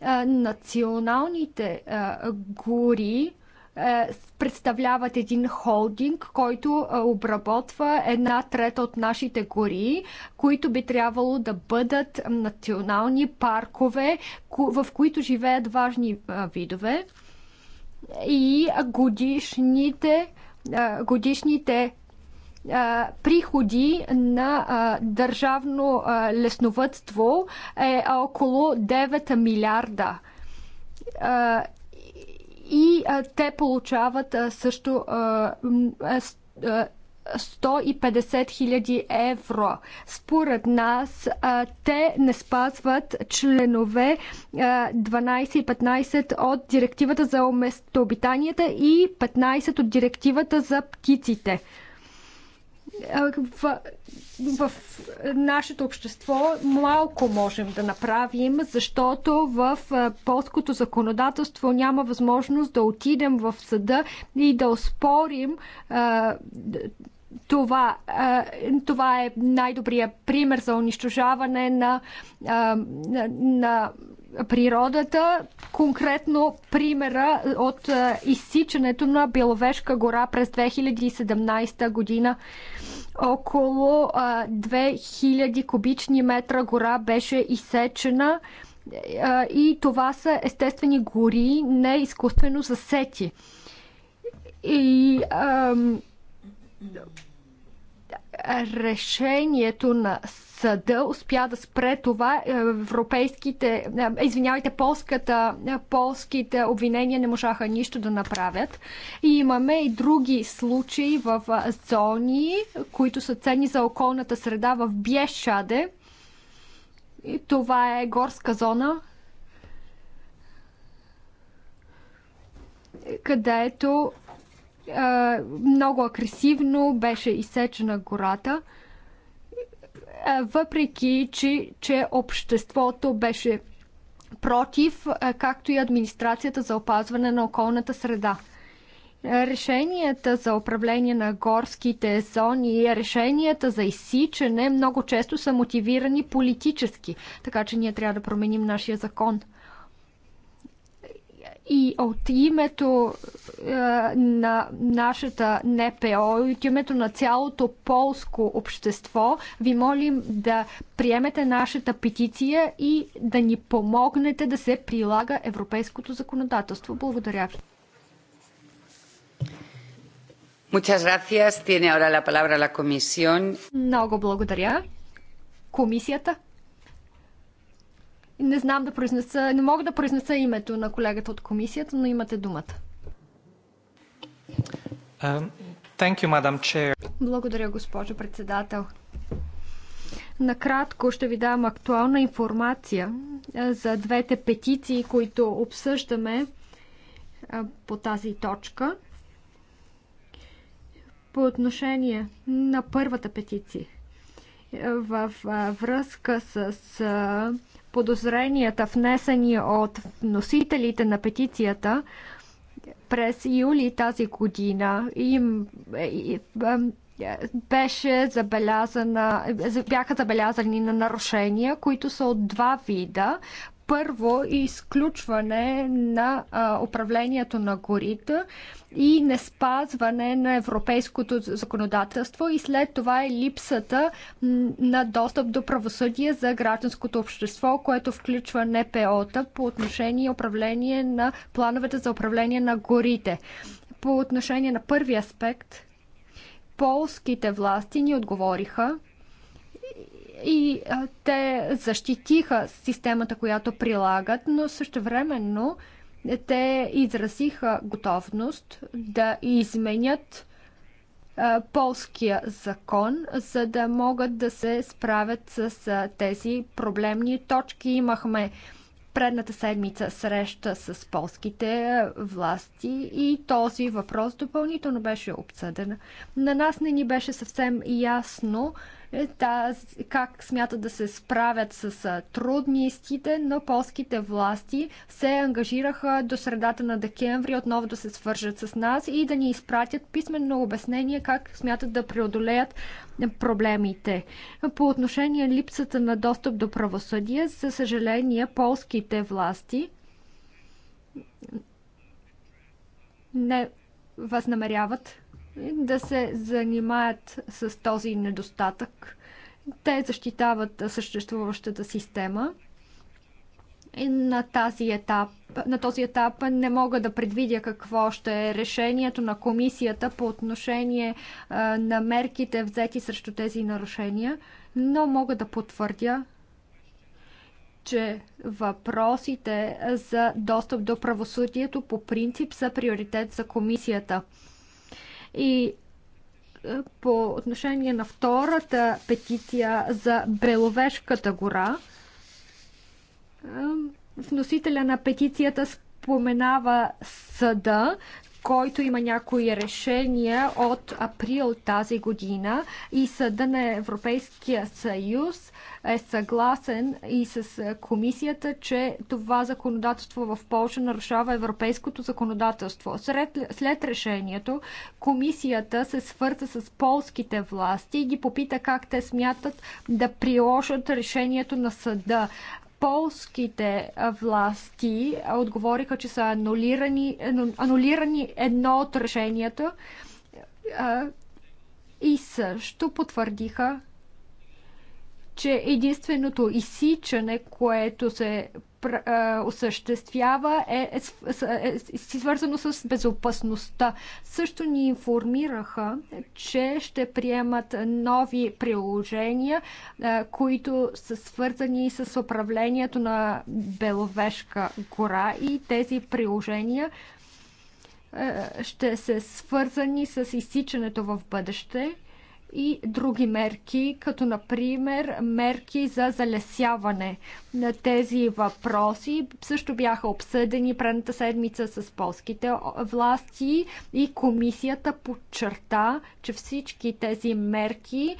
А, националните а, гори е, представляват един холдинг, който е, обработва една трета от нашите гори, които би трябвало да бъдат национални паркове, в които живеят важни е, видове. И годишните, годишните приходи на държавно лесновътство е около 9 милиарда и а, те получават а, също а, а, 150 хиляди евро. Според нас те не спазват членове 12 и 15 от директивата за местообитанията и 15 от директивата за птиците в, в нашето общество малко можем да направим, защото в полското законодателство няма възможност да отидем в съда и да спорим. това, това е най-добрият пример за унищожаване на, на, на природата, конкретно примера от е, изсичането на Беловежка гора през 2017 година. Около 2000 е, кубични метра гора беше изсечена е, и това са естествени гори, не изкуствено засети. И ам, решението на съда успя да спре това. Е, европейските, е, извинявайте, полската, е, полските обвинения не можаха нищо да направят. И имаме и други случаи в зони, които са цени за околната среда в Бешаде. И това е горска зона, където много агресивно беше изсечена гората, въпреки че, че обществото беше против, както и администрацията за опазване на околната среда. Решенията за управление на горските зони и решенията за изсичане много често са мотивирани политически, така че ние трябва да променим нашия закон – и от името е, на нашата НПО и от името на цялото полско общество ви молим да приемете нашата петиция и да ни помогнете да се прилага европейското законодателство. Благодаря ви. Muchas gracias. Tiene ahora la palabra la comisión. Много благодаря. Комисията. Не знам да произнеса, не мога да произнеса името на колегата от комисията, но имате думата. Um, thank you, Madam Chair. Благодаря, госпожо председател. Накратко ще ви дам актуална информация за двете петиции, които обсъждаме по тази точка. По отношение на първата петиция, в връзка с подозренията, внесени от носителите на петицията през юли тази година. Им, е, е, е, беше забелязана, бяха забелязани на нарушения, които са от два вида първо изключване на управлението на горите и не спазване на европейското законодателство и след това е липсата на достъп до правосъдие за гражданското общество, което включва НПО-та по отношение управление на плановете за управление на горите. По отношение на първи аспект, полските власти ни отговориха, и а, те защитиха системата, която прилагат, но същевременно те изразиха готовност да изменят а, полския закон, за да могат да се справят с а, тези проблемни точки. Имахме предната седмица среща с полските власти и този въпрос допълнително беше обсъден. На нас не ни беше съвсем ясно, как смятат да се справят с трудностите, но полските власти се ангажираха до средата на декември отново да се свържат с нас и да ни изпратят писменно обяснение как смятат да преодолеят проблемите. По отношение липсата на достъп до правосъдие, за съжаление, полските власти не възнамеряват да се занимаят с този недостатък. Те защитават съществуващата система. И на, тази етап, на този етап не мога да предвидя какво ще е решението на комисията по отношение а, на мерките взети срещу тези нарушения, но мога да потвърдя, че въпросите за достъп до правосъдието по принцип са приоритет за комисията. И е, по отношение на втората петиция за Беловешката гора, е, вносителя на петицията споменава съда, който има някои решения от април тази година и Съда на Европейския съюз е съгласен и с комисията, че това законодателство в Польша нарушава европейското законодателство. след решението комисията се свърза с полските власти и ги попита как те смятат да приложат решението на съда полските власти отговориха, че са анулирани, анулирани едно от решенията и също потвърдиха, че единственото изсичане, което се осъществява е, е, е, е свързано с безопасността. Също ни информираха, че ще приемат нови приложения, е, които са свързани с управлението на Беловешка гора и тези приложения ще се свързани с изсичането в бъдеще и други мерки, като например мерки за залесяване. На тези въпроси също бяха обсъдени предната седмица с полските власти и комисията подчерта, че всички тези мерки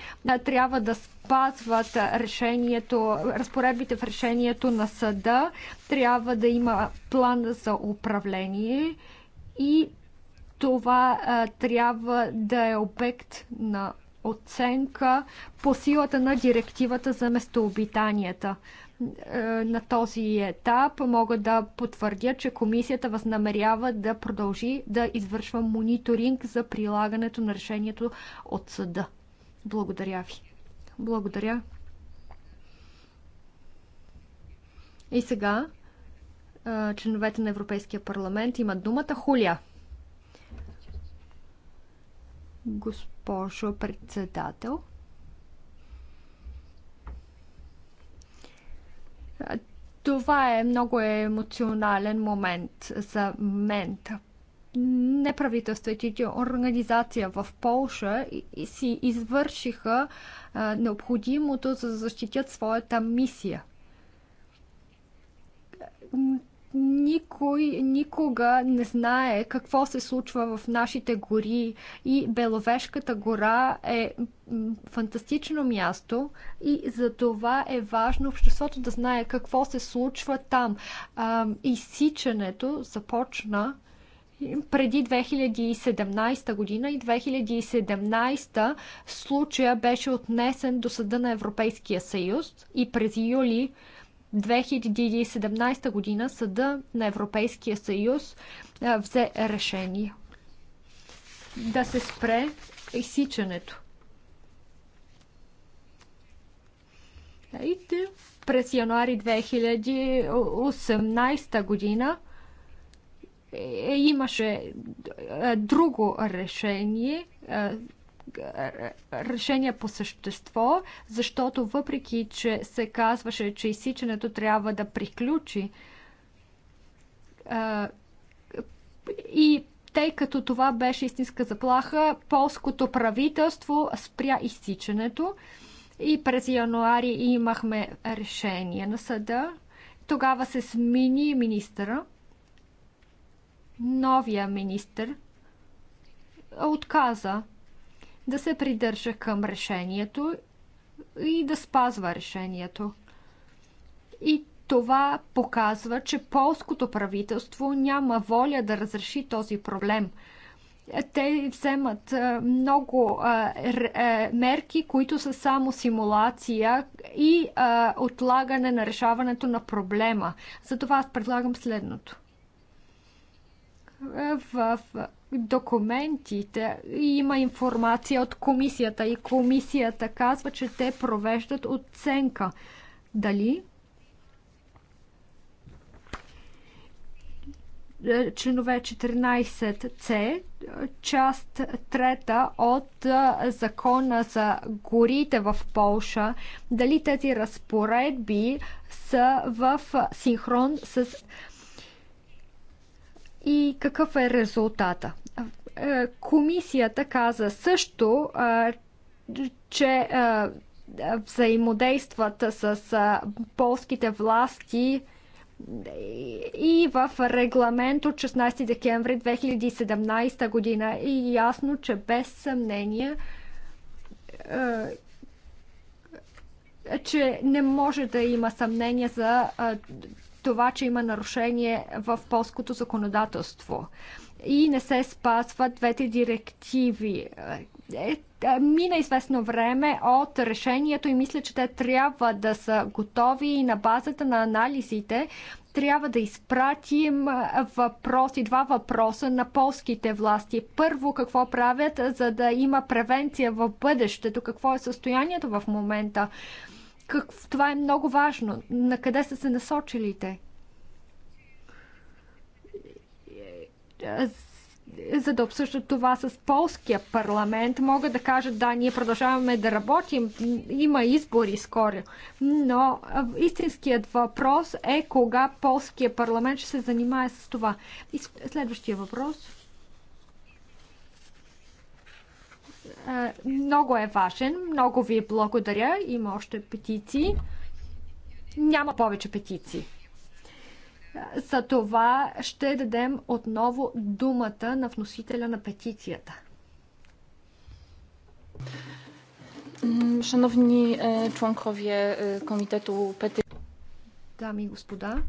трябва да спазват решението, разпоредбите в решението на съда, трябва да има план за управление и това а, трябва да е обект на оценка по силата на директивата за местообитанията. Е, на този етап мога да потвърдя, че комисията възнамерява да продължи да извършва мониторинг за прилагането на решението от съда. Благодаря ви. Благодаря. И сега е, членовете на Европейския парламент имат думата Хулия госпожо председател. Това е много емоционален момент за мен. Неправителствените организации в Полша си извършиха необходимото за да защитят своята мисия никой никога не знае какво се случва в нашите гори и Беловежката гора е фантастично място и за това е важно обществото да знае какво се случва там. изсичането започна преди 2017 година и 2017 случая беше отнесен до Съда на Европейския съюз и през юли 2017 година Съда на Европейския съюз взе решение да се спре изсичането. И през януари 2018 година е, имаше друго решение решение по същество, защото въпреки, че се казваше, че изсичането трябва да приключи и тъй като това беше истинска заплаха, полското правителство спря изсичането и през януари имахме решение на съда. Тогава се смени министъра. Новия министър отказа да се придържа към решението и да спазва решението. И това показва, че полското правителство няма воля да разреши този проблем. Те вземат много мерки, които са само симулация и отлагане на решаването на проблема. Затова аз предлагам следното. В документите има информация от комисията и комисията казва, че те провеждат оценка. Дали е, членове 14c, част трета от е, закона за горите в Полша, дали тези разпоредби са в синхрон с и какъв е резултата? Е, комисията каза също, че взаимодействат с полските власти и в регламент от 16 декември 2017 година и ясно, че без съмнение че не може да има съмнение за това, че има нарушение в полското законодателство и не се спазват двете директиви. Е, е, мина известно време от решението и мисля, че те трябва да са готови и на базата на анализите трябва да изпратим въпроси, два въпроса на полските власти. Първо, какво правят, за да има превенция в бъдещето? Какво е състоянието в момента? Как, това е много важно. На къде са се насочили те? за да обсъждат това с полския парламент, мога да кажат, да, ние продължаваме да работим, има избори скоро. Но истинският въпрос е кога полския парламент ще се занимае с това. И следващия въпрос. много е важен. Много ви благодаря. Има още петиции. Няма повече петиции. За това ще дадем отново думата на вносителя на петицията. Шановни е, членкови е, комитету петиции. Дами и господа,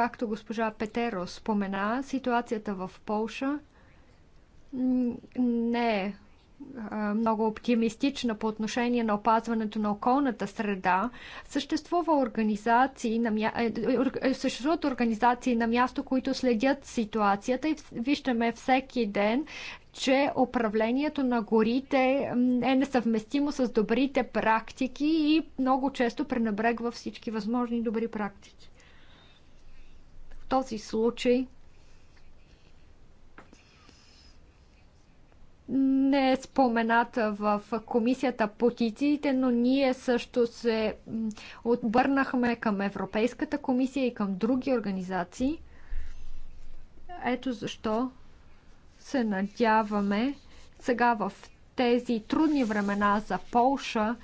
Както госпожа Петеро спомена, ситуацията в Полша не е много оптимистична по отношение на опазването на околната среда. Съществува организации на мя... Е, е, е, съществуват организации на място, които следят ситуацията и виждаме всеки ден, че управлението на горите е несъвместимо с добрите практики и много често пренебрегва всички възможни добри практики. В този случай не е спомената в комисията по тициите, но ние също се отбърнахме към Европейската комисия и към други организации. Ето защо се надяваме сега в тези трудни времена за Полша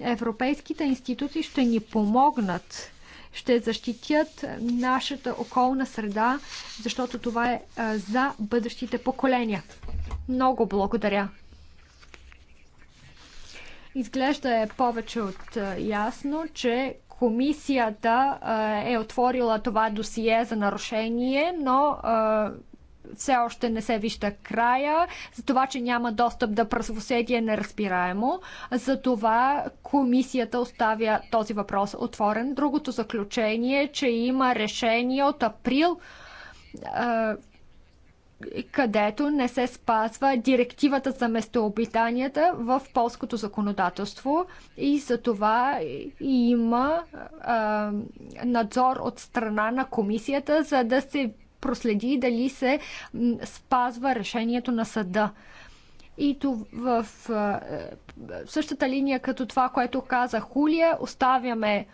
европейските институции ще ни помогнат ще защитят нашата околна среда, защото това е за бъдещите поколения. Много благодаря. Изглежда е повече от ясно, че комисията е отворила това досие за нарушение, но все още не се вижда края. За това, че няма достъп до правосъдие е неразбираемо. За това комисията оставя този въпрос отворен. Другото заключение е, че има решение от април където не се спазва директивата за местообитанията в полското законодателство и за това има надзор от страна на комисията, за да се проследи дали се спазва решението на съда. И то в същата линия като това, което каза Хулия, оставяме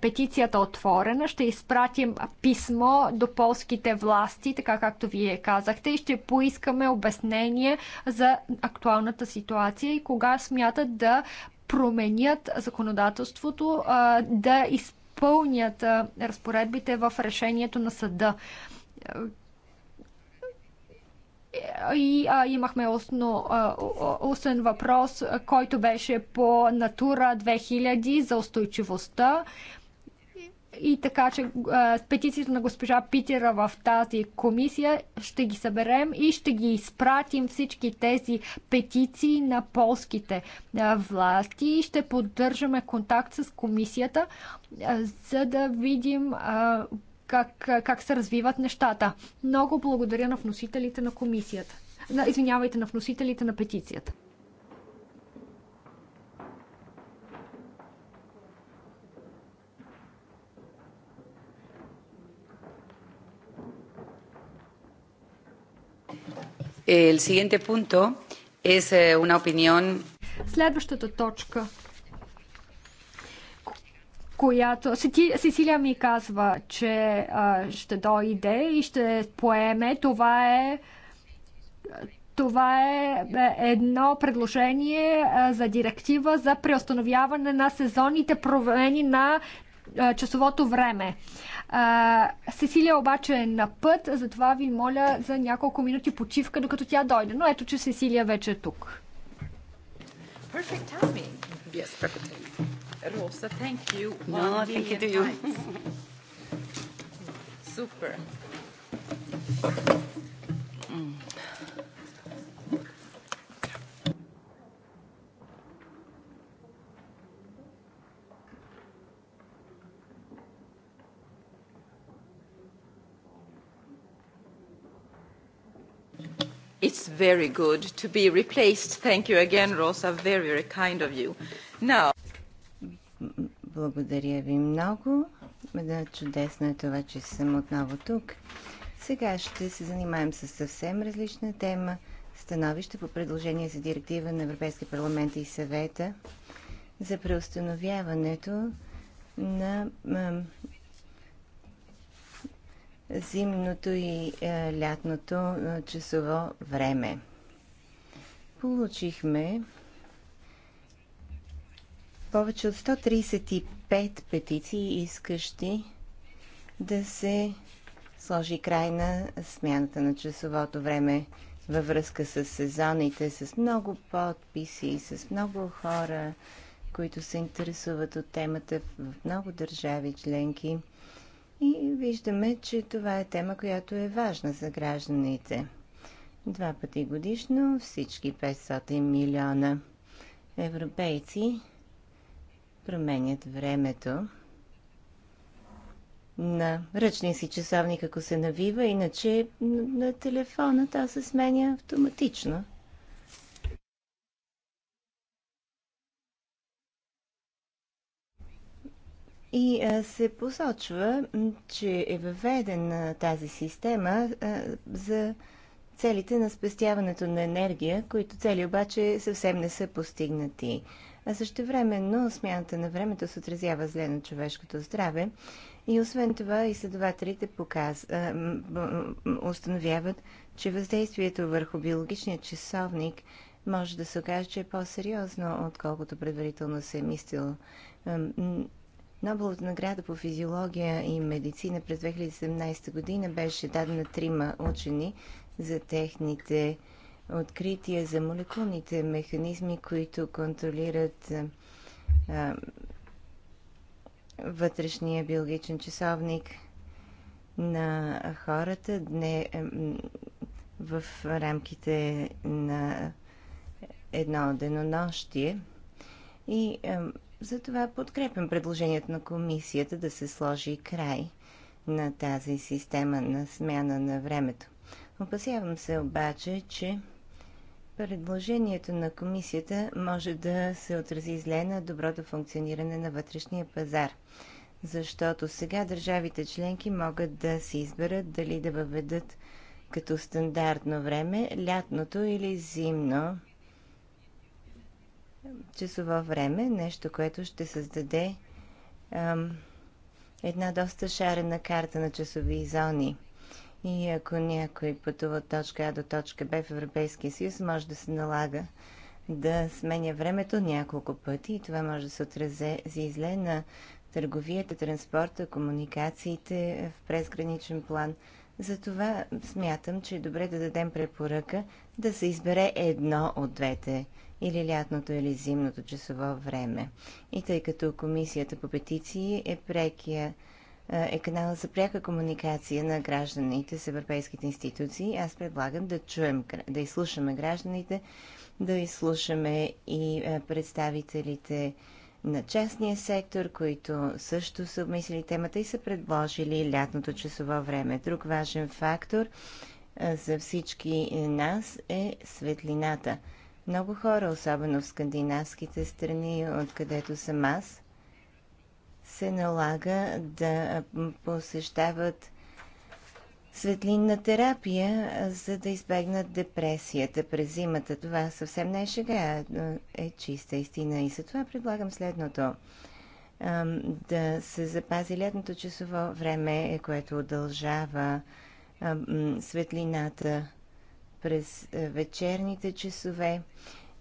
петицията отворена. Ще изпратим писмо до полските власти, така както вие казахте, и ще поискаме обяснение за актуалната ситуация и кога смятат да променят законодателството, да изпълнят разпоредбите в решението на съда. И а, имахме устно, а, устен въпрос, който беше по Натура 2000 за устойчивостта. И така, че а, петицията на госпожа Питера в тази комисия ще ги съберем и ще ги изпратим всички тези петиции на полските а, власти и ще поддържаме контакт с комисията, а, за да видим а, как, как се развиват нещата. Много благодаря на вносителите на комисията. На, извинявайте, на вносителите на петицията. El siguiente punto es eh, una opinión. Следващата точка която Сесилия ми казва, че а, ще дойде и ще поеме. Това е това е, е едно предложение за директива за преустановяване на сезонните промени на часовото време. Сесилия обаче е на път, затова ви моля за няколко минути почивка, докато тя дойде. Но ето, че Сесилия вече е тук. Perfect timing. Yes, perfect timing. Rosa, thank you. One no, thank you to you. Super. It's very good to be replaced. Thank you again, Rosa. Very, very kind of you. Now. Благодаря ви много. Да, чудесно е това, че съм отново тук. Сега ще се занимаем с съвсем различна тема. Становище по предложение за директива на Европейския парламент и съвета за преустановяването на зимното и е, лятното часово време. Получихме повече от 135 петиции, искащи да се сложи край на смяната на часовото време във връзка с сезоните, с много подписи, с много хора, които се интересуват от темата в много държави членки. И виждаме, че това е тема, която е важна за гражданите. Два пъти годишно всички 500 милиона европейци променят времето на ръчния си часовник, ако се навива, иначе на телефона та се сменя автоматично. И а, се посочва, че е въведена тази система а, за целите на спестяването на енергия, които цели обаче съвсем не са постигнати а също времено смяната на времето се отразява зле на човешкото здраве. И освен това, изследователите показ... установяват, че въздействието върху биологичния часовник може да се окаже, че е по-сериозно, отколкото предварително се е мислил. Нобеловата награда по физиология и медицина през 2017 година беше дадена трима учени за техните открития за молекулните механизми, които контролират а, вътрешния биологичен часовник на хората дне, в рамките на едно денонощие. И а, за това подкрепям предложението на комисията да се сложи край на тази система на смяна на времето. Опасявам се обаче, че Предложението на комисията може да се отрази зле на доброто функциониране на вътрешния пазар, защото сега държавите членки могат да се изберат дали да въведат като стандартно време лятното или зимно часово време, нещо, което ще създаде ам, една доста шарена карта на часови зони – и ако някой пътува от точка А до точка Б в Европейския съюз, може да се налага да сменя времето няколко пъти и това може да се отрази изле на търговията, транспорта, комуникациите в презграничен план. Затова смятам, че е добре да дадем препоръка да се избере едно от двете или лятното или зимното часово време. И тъй като комисията по петиции е прекия е, е канала за пряка комуникация на гражданите с европейските институции. Аз предлагам да чуем, да изслушаме гражданите, да изслушаме и е, представителите на частния сектор, които също са обмислили темата и са предложили лятното часово време. Друг важен фактор е, за всички нас е светлината. Много хора, особено в скандинавските страни, откъдето съм аз, се налага да посещават светлинна терапия, за да избегнат депресията през зимата. Това съвсем не е шега, е чиста истина. И за това предлагам следното. Да се запази летното часово време, което удължава светлината през вечерните часове.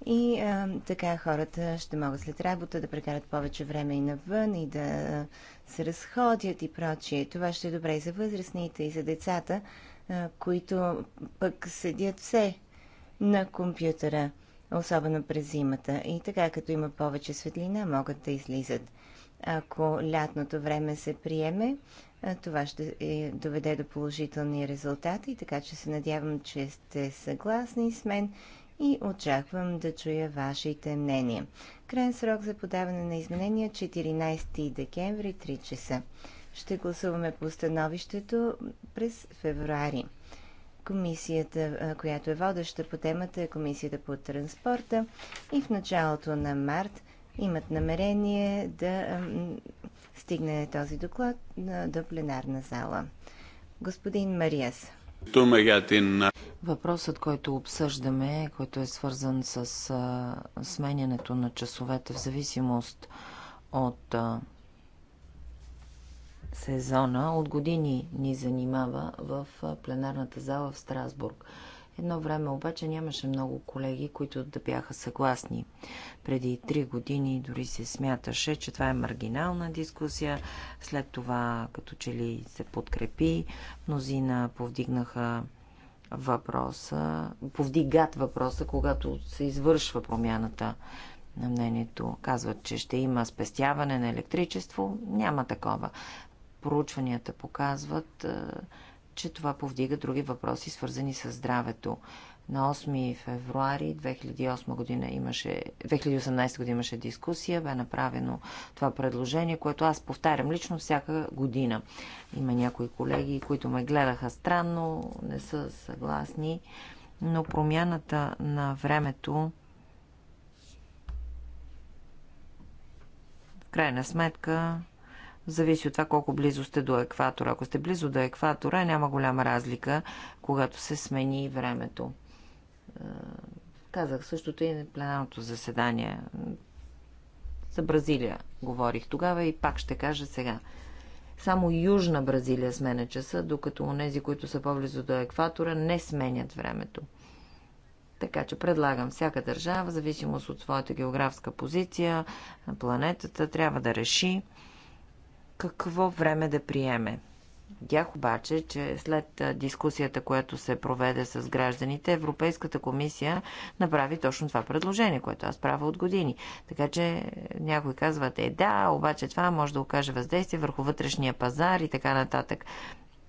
И а, така хората ще могат след работа да прекарат повече време и навън, и да се разходят и прочие. Това ще е добре и за възрастните, и за децата, а, които пък седят все на компютъра, особено през зимата. И така, като има повече светлина, могат да излизат. Ако лятното време се приеме, а, това ще е, доведе до положителни резултати, така че се надявам, че сте съгласни с мен и очаквам да чуя вашите мнения. Крайен срок за подаване на изменения 14 е декември 3 часа. Ще гласуваме по становището през февруари. Комисията, която е водеща по темата, е Комисията по транспорта и в началото на март имат намерение да стигне този доклад до пленарна зала. Господин Мариас. Въпросът, който обсъждаме, който е свързан с а, сменянето на часовете в зависимост от а, сезона, от години ни занимава в пленарната зала в Страсбург. Едно време обаче нямаше много колеги, които да бяха съгласни. Преди три години дори се смяташе, че това е маргинална дискусия. След това, като че ли се подкрепи, мнозина повдигнаха въпроса, повдигат въпроса, когато се извършва промяната на мнението. Казват, че ще има спестяване на електричество. Няма такова. Проучванията показват, е, че това повдига други въпроси, свързани с здравето. На 8 февруари 2008 година имаше, 2018 година имаше дискусия, бе направено това предложение, което аз повтарям лично всяка година. Има някои колеги, които ме гледаха странно, не са съгласни, но промяната на времето в крайна сметка Зависи от това колко близо сте до екватора. Ако сте близо до екватора, няма голяма разлика, когато се смени времето. Е, казах същото и на пленарното заседание. За Бразилия говорих тогава и пак ще кажа сега. Само Южна Бразилия сменя часа, докато онези, които са по-близо до екватора, не сменят времето. Така че предлагам всяка държава, в зависимост от своята географска позиция планетата, трябва да реши какво време да приеме. Дях обаче, че след дискусията, която се проведе с гражданите, Европейската комисия направи точно това предложение, което аз правя от години. Така че е, някой казват, е да, обаче това може да окаже въздействие върху вътрешния пазар и така нататък.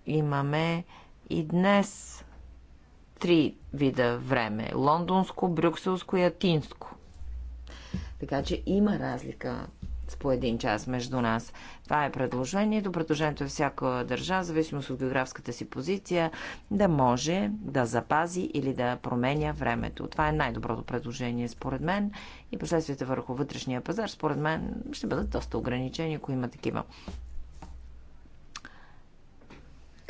Имаме и днес три вида време. Лондонско, брюкселско и атинско. Така че има разлика с по един час между нас. Това е предложението. Предложението е всяка държава, в зависимост от географската си позиция, да може да запази или да променя времето. Това е най-доброто предложение според мен и последствията върху вътрешния пазар според мен ще бъдат доста ограничени, ако има такива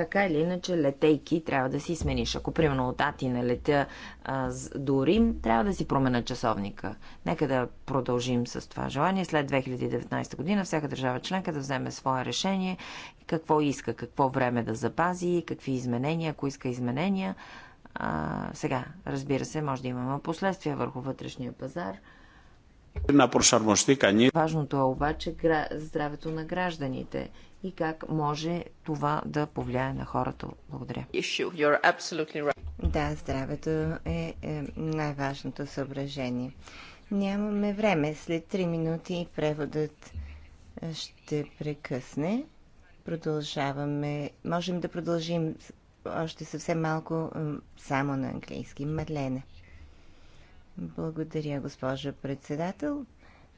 така или иначе, летейки, трябва да си смениш. Ако, примерно, от Атина летя а, до Рим, трябва да си променя часовника. Нека да продължим с това желание. След 2019 година всяка държава членка да вземе свое решение, какво иска, какво време да запази, какви изменения, ако иска изменения. А, сега, разбира се, може да имаме последствия върху вътрешния пазар. Важното е обаче здравето на гражданите и как може това да повлияе на хората. Благодаря. Да, здравето е, е най-важното съображение. Нямаме време. След 3 минути преводът е, ще прекъсне. Продължаваме. Можем да продължим още съвсем малко е, само на английски. Мадлене. Благодаря, госпожа председател.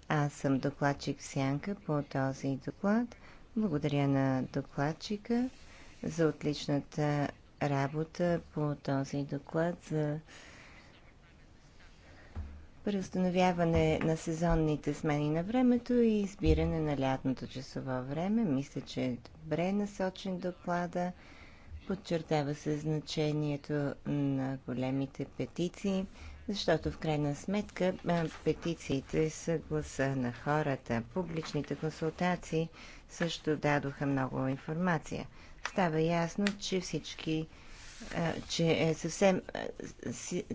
Аз съм докладчик в Сянка по този доклад. Благодаря на докладчика за отличната работа по този доклад за преустановяване на сезонните смени на времето и избиране на лятното часово време. Мисля, че е добре насочен доклада. Подчертава се значението на големите петиции защото в крайна сметка петициите са гласа на хората. Публичните консултации също дадоха много информация. Става ясно, че всички че е съвсем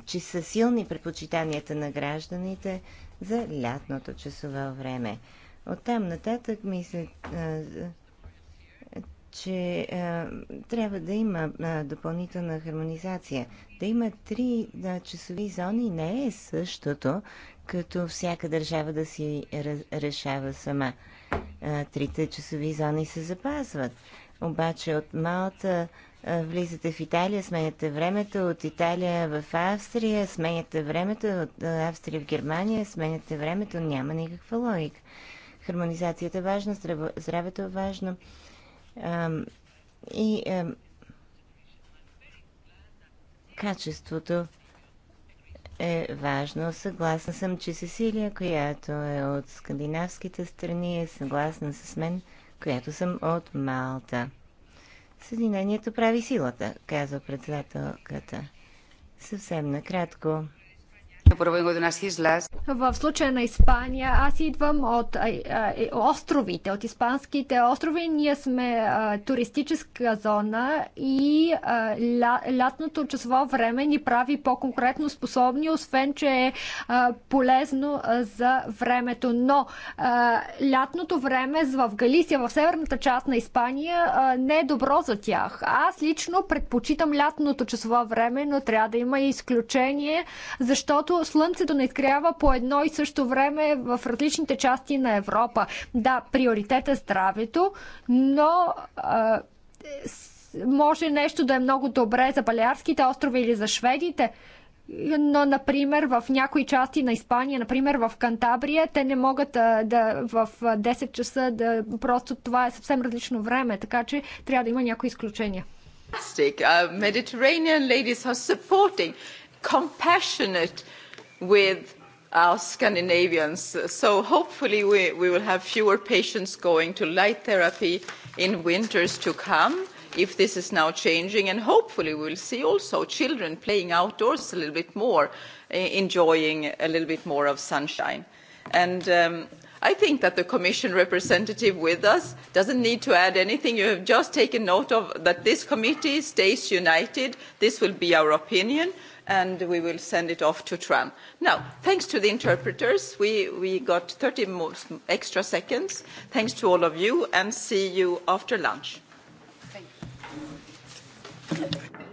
че са силни предпочитанията на гражданите за лятното часово време. Оттам нататък мисля, че е, трябва да има е, допълнителна хармонизация. Да има три е, часови зони не е същото, като всяка държава да си решава сама. Е, трите часови зони се запазват. Обаче от Малта е, влизате в Италия, сменяте времето, от Италия в Австрия, сменяте времето, от е, Австрия в Германия, сменяте времето, няма никаква логика. Хармонизацията е важна, здравето е важно и качеството е важно. Съгласна съм, че Сесилия, която е от скандинавските страни, е съгласна с мен, която съм от Малта. Съединението прави силата, казва председателката. Съвсем накратко. В случая на Испания, аз идвам от островите, от испанските острови. Ние сме туристическа зона и лятното часово време ни прави по-конкретно способни, освен, че е полезно за времето. Но лятното време в Галисия, в северната част на Испания, не е добро за тях. Аз лично предпочитам лятното часово време, но трябва да има и изключение, защото слънцето не изгрява по едно и също време в различните части на Европа. Да, приоритет е здравето, но а, може нещо да е много добре за Балиарските острови или за шведите, но, например, в някои части на Испания, например, в Кантабрия, те не могат да, да в 10 часа да. Просто това е съвсем различно време, така че трябва да има някои изключения. Uh, Mediterranean ladies are supporting compassionate with our Scandinavians. So hopefully we, we will have fewer patients going to light therapy in winters to come if this is now changing and hopefully we will see also children playing outdoors a little bit more, enjoying a little bit more of sunshine. And I think that the Commission representative with us doesn't need to add anything. You have just taken note of that this committee stays united. This will be our opinion and we will send it off to Tran. Now, thanks to the interpreters, we, we got 30 more extra seconds. Thanks to all of you, and see you after lunch. Thank you.